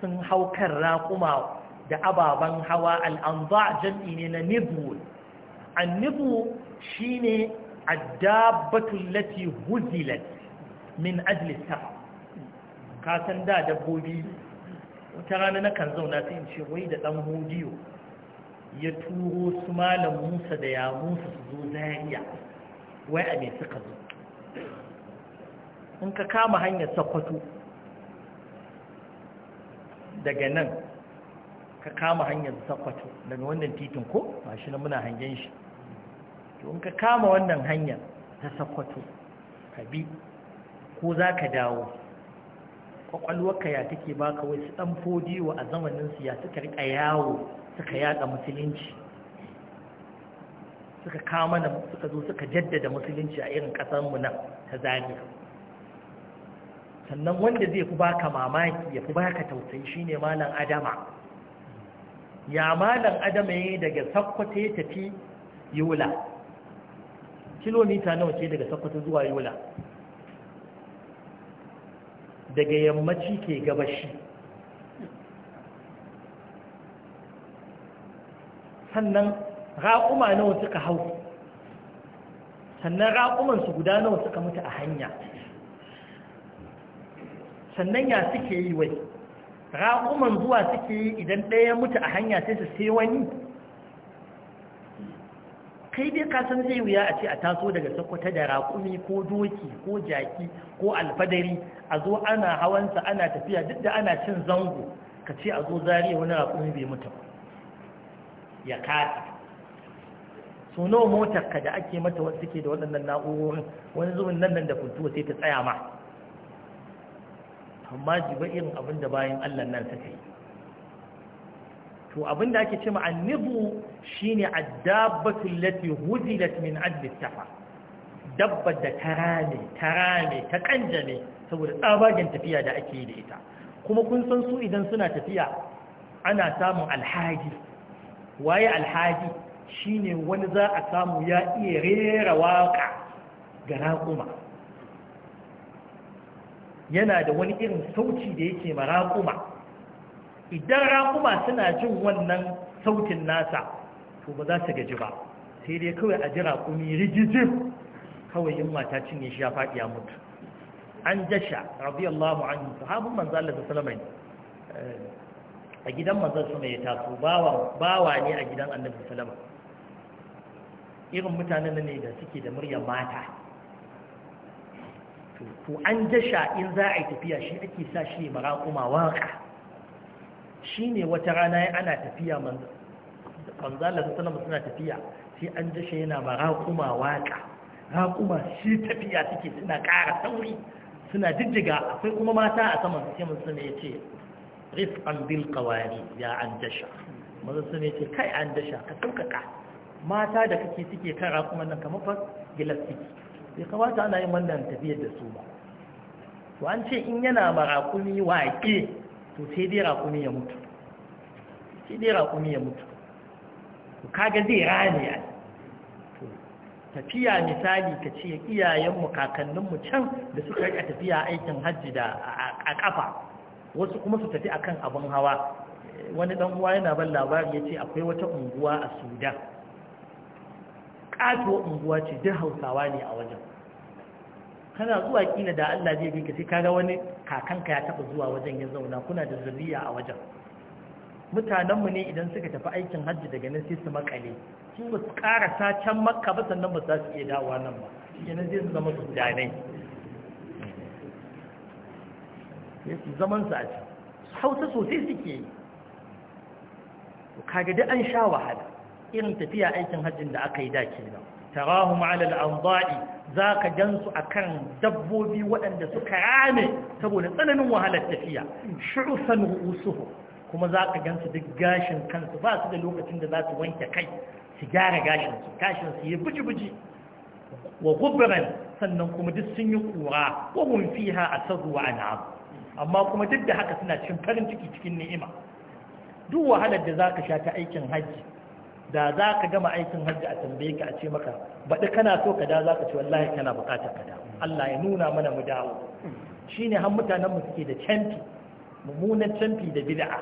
S2: sun hau kan raƙuma da ababen hawa al'anza jam'i ne na nibu an nibu shi ne a dabbatun lati huzilat min ajli sa ka san da dabbobi wata rana na kan zauna sai in ce wai da ɗan hodiyo ya turo su malam musa da ya musa su zo zariya wai a mai suka zo in ka kama hanyar sakwato daga nan ka kama hanyar sakwato daga wannan titin ko ba shi na muna hangen shi to in ka kama wannan hanyar ta sakwato ka bi ko za ka dawo kwakwalwarka ya take baka wai su ɗan fodiyo a zamaninsu ya suka riƙa yawo suka yada musulunci suka kama na suka zo suka jaddada musulunci a irin ƙasarmu nan ta zaniya sannan wanda zai fi baka mamaki ya fi baka tausayi shine malam adama ya malam adama ya daga sakkwata ya tafi yola kilomita nawa ce daga sakkwata zuwa yola daga yammaci ke gabashi sannan raƙuma nawa suka hau sannan su guda nawa suka mutu a hanya sannan ya suke yi wai raƙuman zuwa suke yi idan ɗaya mutu a hanya sai su sai wani kai dai ka san zai wuya a ce a taso daga sakwata da raƙumi ko doki ko jaki ko alfadari a zo ana hawansa ana tafiya duk da ana cin zango ka ce a zo zariya wani raƙumi bai mutu ya kasa so nawa motar ka da ake mata wasu ke da waɗannan na'urorin wani zubin nan nan da kuntuwa sai ta tsaya ma amma jiba irin abin da bayan allah nan suka yi to abinda ake cewa annibu shine addabatu allati huzilat min ta safa dabbar da tarame tarame ta kanjame saboda tsabagen tafiya da ake yi da ita kuma kun san su idan suna tafiya ana samun alhaji waye alhaji shine wani za a samu ya iya rera waka ga raƙuma yana da wani irin sauci da yake ma raƙuma idan raƙuma suna jin wannan sautin nasa to ba za su gaji ba sai dai kawai a ji raƙumi rigijin kawai yin mata cinye shi ya faɗi ya mutu an jasha radiyallahu anhu sahabin manzo Allah da sallama ne a gidan manzo sama ya taso bawa ne a gidan annan da sallama irin mutanen ne da suke da murya mata to an jasha in za a yi tafiya shi ake sa shi mara kuma waka Shi ne wata rana ya ana tafiya manzala su sanar suna tafiya sai an ji shi yana ba raƙuma waka raƙuma shi tafiya suke suna ƙara sauri suna jijjiga akwai kuma mata a saman sai mun ce rif an bil qawari ya an dasha mun ya ce, kai an dasha ka saukaka mata da kake suke kan raƙuman nan kamar fa gilastiki bai kamata ana yin wannan tafiyar da su ba to an ce in yana ma raƙumi waƙe to sai dai raƙumi ya mutu sai dai raƙumi ya mutu kaga zai rane ya tafiya misali ka ce iyayenmu kakanninmu can da suka a tafiya aikin hajji da a ƙafa wasu kuma su tafi akan abin hawa wani dan uwa yana ban labari ya ce akwai wata unguwa a Sudan ƙato unguwa ce duk Hausawa ne a wajen kana zuwa kila da Allah zai bi ka sai kaga wani kakanka ya taɓa zuwa wajen ya zauna kuna da zuriya a wajen mutanenmu ne idan suka tafi aikin hajji daga nan sai su makale su ba su karasa can makka ba sannan ba za su iya dawowa nan ba kenan zai su zama gudanai ya zaman su a can hausa sosai suke yi kaga da an sha wahala irin tafiya aikin hajjin da aka yi da kenan tarahum ala al-anda'i zaka gansu akan dabbobi waɗanda suka rame saboda tsananin wahalar tafiya shu'usan ru'usuhu kuma za ka gansu duk gashin kansu ba su da lokacin da za su wanke kai su gyara gashinsu gashinsu ya buji-buji wa gubran sannan kuma duk sun yi kura wa fiha a sarruwa a na'am amma kuma duk da haka suna cin farin ciki cikin ni'ima duk wahalar da za ka sha ta aikin hajji da za ka gama aikin hajji a tambaye ka a ce maka baɗi kana so ka da za ka ce wallahi kana buƙatar ka da Allah ya nuna mana mu dawo shine har mutanen mu suke da canfi mummunan canfi da bid'a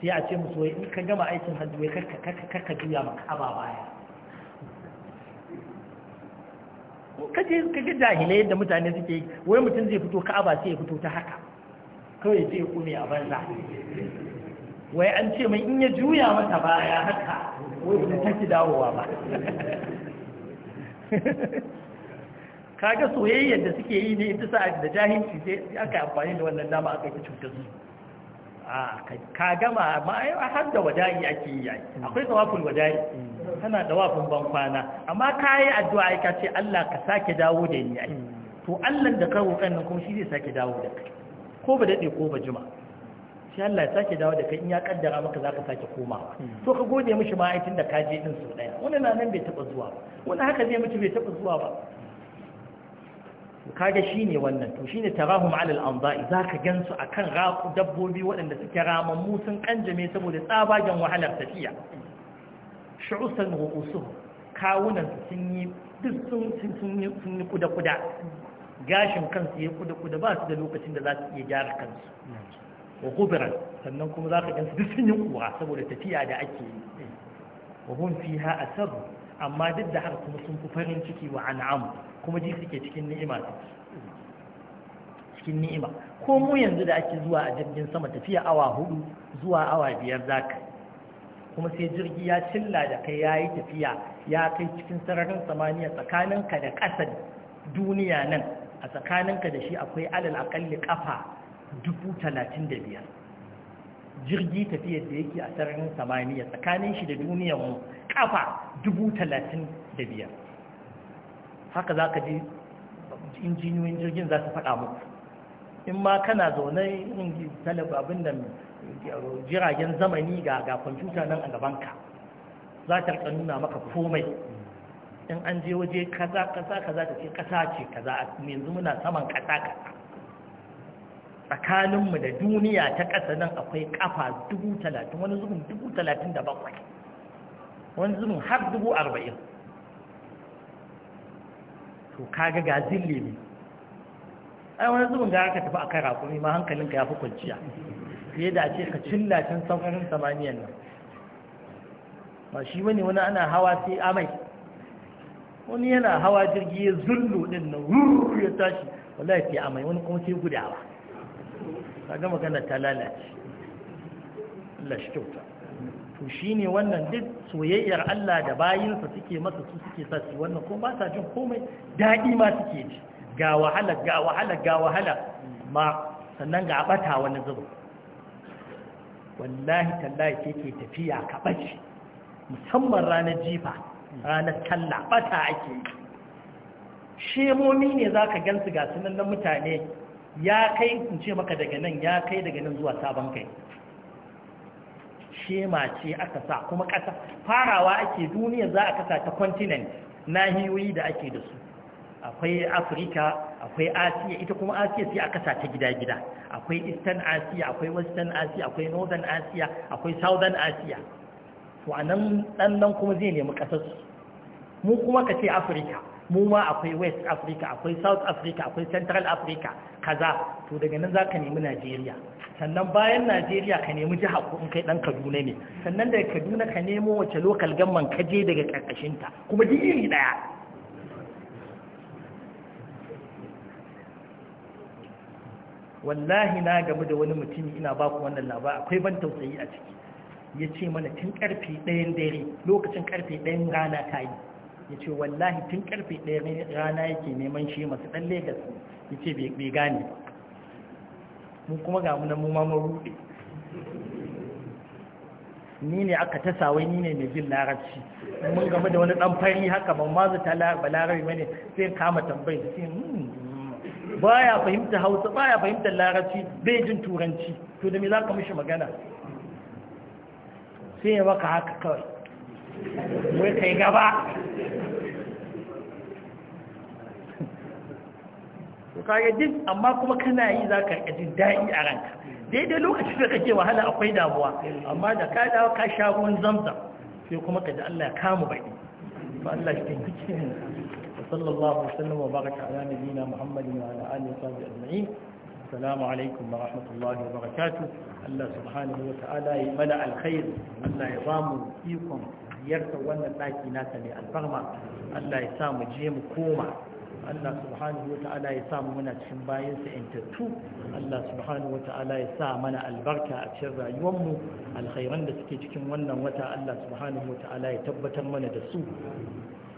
S2: sai a ce musu wai in ka gama aikin hajji wai karka juya maka aba baya kaje ga jahilai yadda mutane suke wai mutum zai fito ka'aba sai ya fito ta haka kawai sai ya kume a banza wai an ce mai in ya juya mata baya haka wai ba ta ki dawowa ba kaga soyayya da suke yi ne ita sa da jahilci sai aka amfani da wannan dama aka yi cutar su ka gama a har da wajayi ake yi mm. akwai tsawafin wajayi mm. tana da wafin kwana. amma ka yi addu'a aika ce Allah ka sake dawo da ni ai mm. to Allah da ka roƙan nan kuma shi zai sake dawo da kai ko ba daɗe ko ba juma. shi Allah ya sake dawo da kai in ya kaddara maka za ka sake komawa to ka gode mishi ma'aikin da ka je ɗin sau ɗaya wani na nan bai taɓa zuwa ba wani haka zai mutu bai taɓa zuwa ba kaga shine wannan to shine tarahum alal anza'i zaka gansu akan raku dabbobi waɗanda suke raman mu sun kanjame saboda tsabagen wahalar tafiya shu'usan ru'usuh kawunan sun yi duk sun sun yi kuda kuda gashin kansu ya kuda kuda ba su da lokacin da za su iya gyara kansu wa sannan kuma zaka gansu duk sun yi kura saboda tafiya da ake yi wa hum fiha asabu amma duk da haka kuma sun fi farin ciki wa an'amu kuma ji suke cikin ni'ima cikin ni'ima ko mu yanzu da ake zuwa a jirgin sama tafiya awa hudu zuwa awa biyar zaka kuma sai jirgi ya cilla da kai ya yi tafiya ya kai cikin sararin samaniya tsakaninka da ƙasar duniya nan a tsakaninka da shi akwai alal akalli kafa dubu talatin da biyar jirgi tafiyar da yake a sararin samaniya tsakanin shi da duniyar mu kafa dubu talatin da biyar haka za ka ji injiniyoyin jirgin za su faɗa muku in ma kana zaune in talaba abin da jiragen zamani ga kwamfuta nan a gabanka za ta rika nuna maka komai in an je waje kaza kaza kaza ta ce kasa ce kaza yanzu muna saman kasa kasa tsakaninmu da duniya ta kasa nan akwai kafa dubu talatin wani zubin dubu talatin da bakwai wani zubin har dubu arba'in to kaga ga zille ne ai wani zubin ga aka tafi a kai rakumi ma hankalinka ya fi kwanciya fiye da a ce ka cilla can saukarin samaniyan nan ba shi wani wani ana hawa sai amai wani yana hawa jirgi ya zullo din nan ruru ya tashi wallahi sai amai wani kuma sai gudawa ga magana ta lalace Allah shi kyauta to ne wannan duk soyayyar Allah da bayinsa suke masa su suke sa su wannan kuma ba sa jin komai daɗi ma suke ji ga wahala ga wahala ga wahala ma sannan ga ɓata wani zuba wallahi tallahi ke ke tafiya ka ɓace musamman ranar jifa ranar talla ɓata ake yi shemomi ne za ka gansu ga sunan na mutane ya kai in ce maka daga nan ya kai daga nan zuwa sabon kai shema ce aka sa kuma ƙasa farawa ake duniya za a kasa ta continent nahiyoyi da ake da su akwai afirka akwai asiya ita kuma asiya sai a kasa ta gida-gida akwai eastern asiya akwai western asiya akwai northern asiya akwai southern asiya to a nan ɗannan kuma zai nemi ƙasarsu mu kuma ka ce afirka mu ma akwai west africa akwai south africa akwai central africa kaza to daga nan za ka nemi najeriya sannan bayan najeriya ka nemi jiha ko in kai dan kaduna ne sannan daga kaduna ka nemo wace lokal gamman ka je daga ƙarƙashinta, kuma ji iri daya wallahi na gamu da wani mutumi ina baku wannan labar akwai ban tausayi a ciki ya ce mana tun karfe ɗayan dare lokacin karfe ɗayan rana ta yi ya ce wallahi tun karfe ɗayan rana yake neman shi masu ɗan legas ya ce bai gane ba mu kuma ga mu na mu ma mun rude ni ne aka tasa wai ni ne mai jin larabci mun game da wani dan fari haka ban ma zata balarabi bane sai kama tambayi sai hmm, baya fahimta Hausa baya fahimta larabci bai jin turanci to da me zaka mishi magana sai ya maka haka
S1: kawai wai kai gaba
S2: kare din amma kuma kana yi za ka jin daɗi a ranka daidai lokacin da kake wahala akwai damuwa amma da ka dawo ka sha ruwan zamzam sai kuma ka da Allah ya kama baki ba Allah shi taimake sallallahu alaihi wa baraka
S1: ala nabiyina muhammadin wa ala alihi wa sahbihi ajma'in assalamu alaikum wa rahmatullahi wa barakatuh Allah subhanahu wa ta'ala ya mala alkhair Allah ya bamu ikon
S2: ziyartar wannan daki nasa ne alfarma Allah ya sa mu je mu koma Allah subhanahu wa ta'ala ya samu muna cikin bayansa intattu Allah subhanahu wa ta'ala ya sa mana albarka a cikin rayuwarmu alkhairan da suke cikin wannan wata Allah subhanahu wa ta'ala ya tabbatar mana da su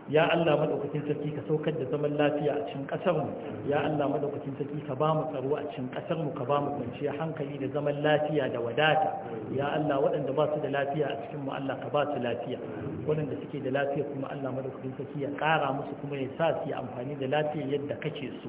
S2: ya Allah madaukakin sarki ka saukar da zaman lafiya a cikin kasar mu ya Allah madaukakin sarki ka ba mu tsaro a cikin kasar mu ka ba mu kwanciyar hankali da zaman lafiya da wadata ya Allah waɗanda ba su da lafiya a cikin mu Allah ka ba su lafiya waɗanda suke da lafiya kuma Allah madaukakin sarki ya ƙara musu kuma ya sa su yi amfani da lafiya yadda kake so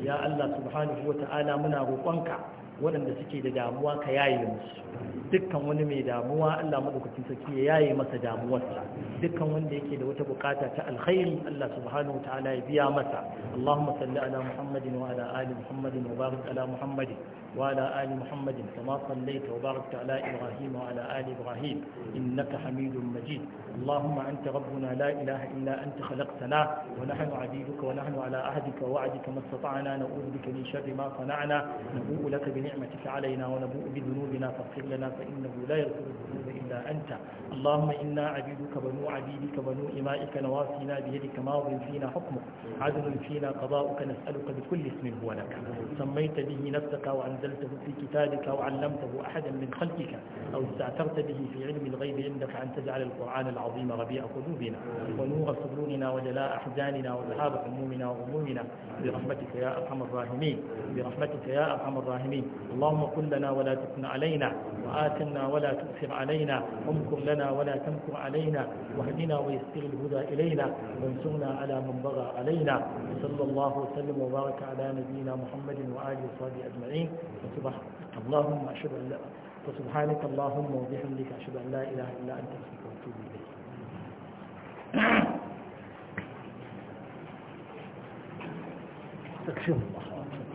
S2: ya Allah subhanahu wata'ala muna roƙonka waɗanda suke da damuwa ka yaye musu dukkan wani mai damuwa Allah madaukakin sarki ya yaye masa damuwarsa dukkan wanda yake da wata bukata ta alkhairi Allah subhanahu wataala ya biya masa Allahumma salli ala Muhammadin wa ala ali Muhammadin wa barik ala Muhammadin وعلى آل محمد كما صليت وباركت على إبراهيم وعلى آل إبراهيم إنك حميد مجيد اللهم أنت ربنا لا إله إلا أنت خلقتنا ونحن عبيدك ونحن على عهدك ووعدك ما استطعنا نؤذ بك من شر ما صنعنا نبوء لك بنعمتك علينا ونبوء بذنوبنا فاغفر لنا فإنه لا يغفر الذنوب إلا أنت اللهم إنا عبيدك بنو عبيدك بنو إمائك نواسينا بيدك ماض فينا حكمك عدل فينا قضاؤك نسألك بكل اسم هو لك سميت به نفسك وأنت أنزلته في كتابك أو علمته أحدا من خلقك أو استعترت به في علم الغيب عندك أن تجعل القرآن العظيم ربيع قلوبنا ونور صدورنا وجلاء أحزاننا وذهاب همومنا وغمومنا برحمتك يا أرحم الراحمين برحمتك يا أرحم الراحمين اللهم كن لنا ولا تكن علينا وآتنا ولا تؤثر علينا وامكر لنا ولا تمكر علينا واهدنا ويسر الهدى إلينا وانصرنا على من بغى علينا صلى الله وسلم وبارك على نبينا محمد وآله وصحبه أجمعين اللهم أشهد أن لا فسبحانك اللهم وبحمدك أشهد أن لا إله إلا أنت أستغفرك وأتوب إليك استغفر الله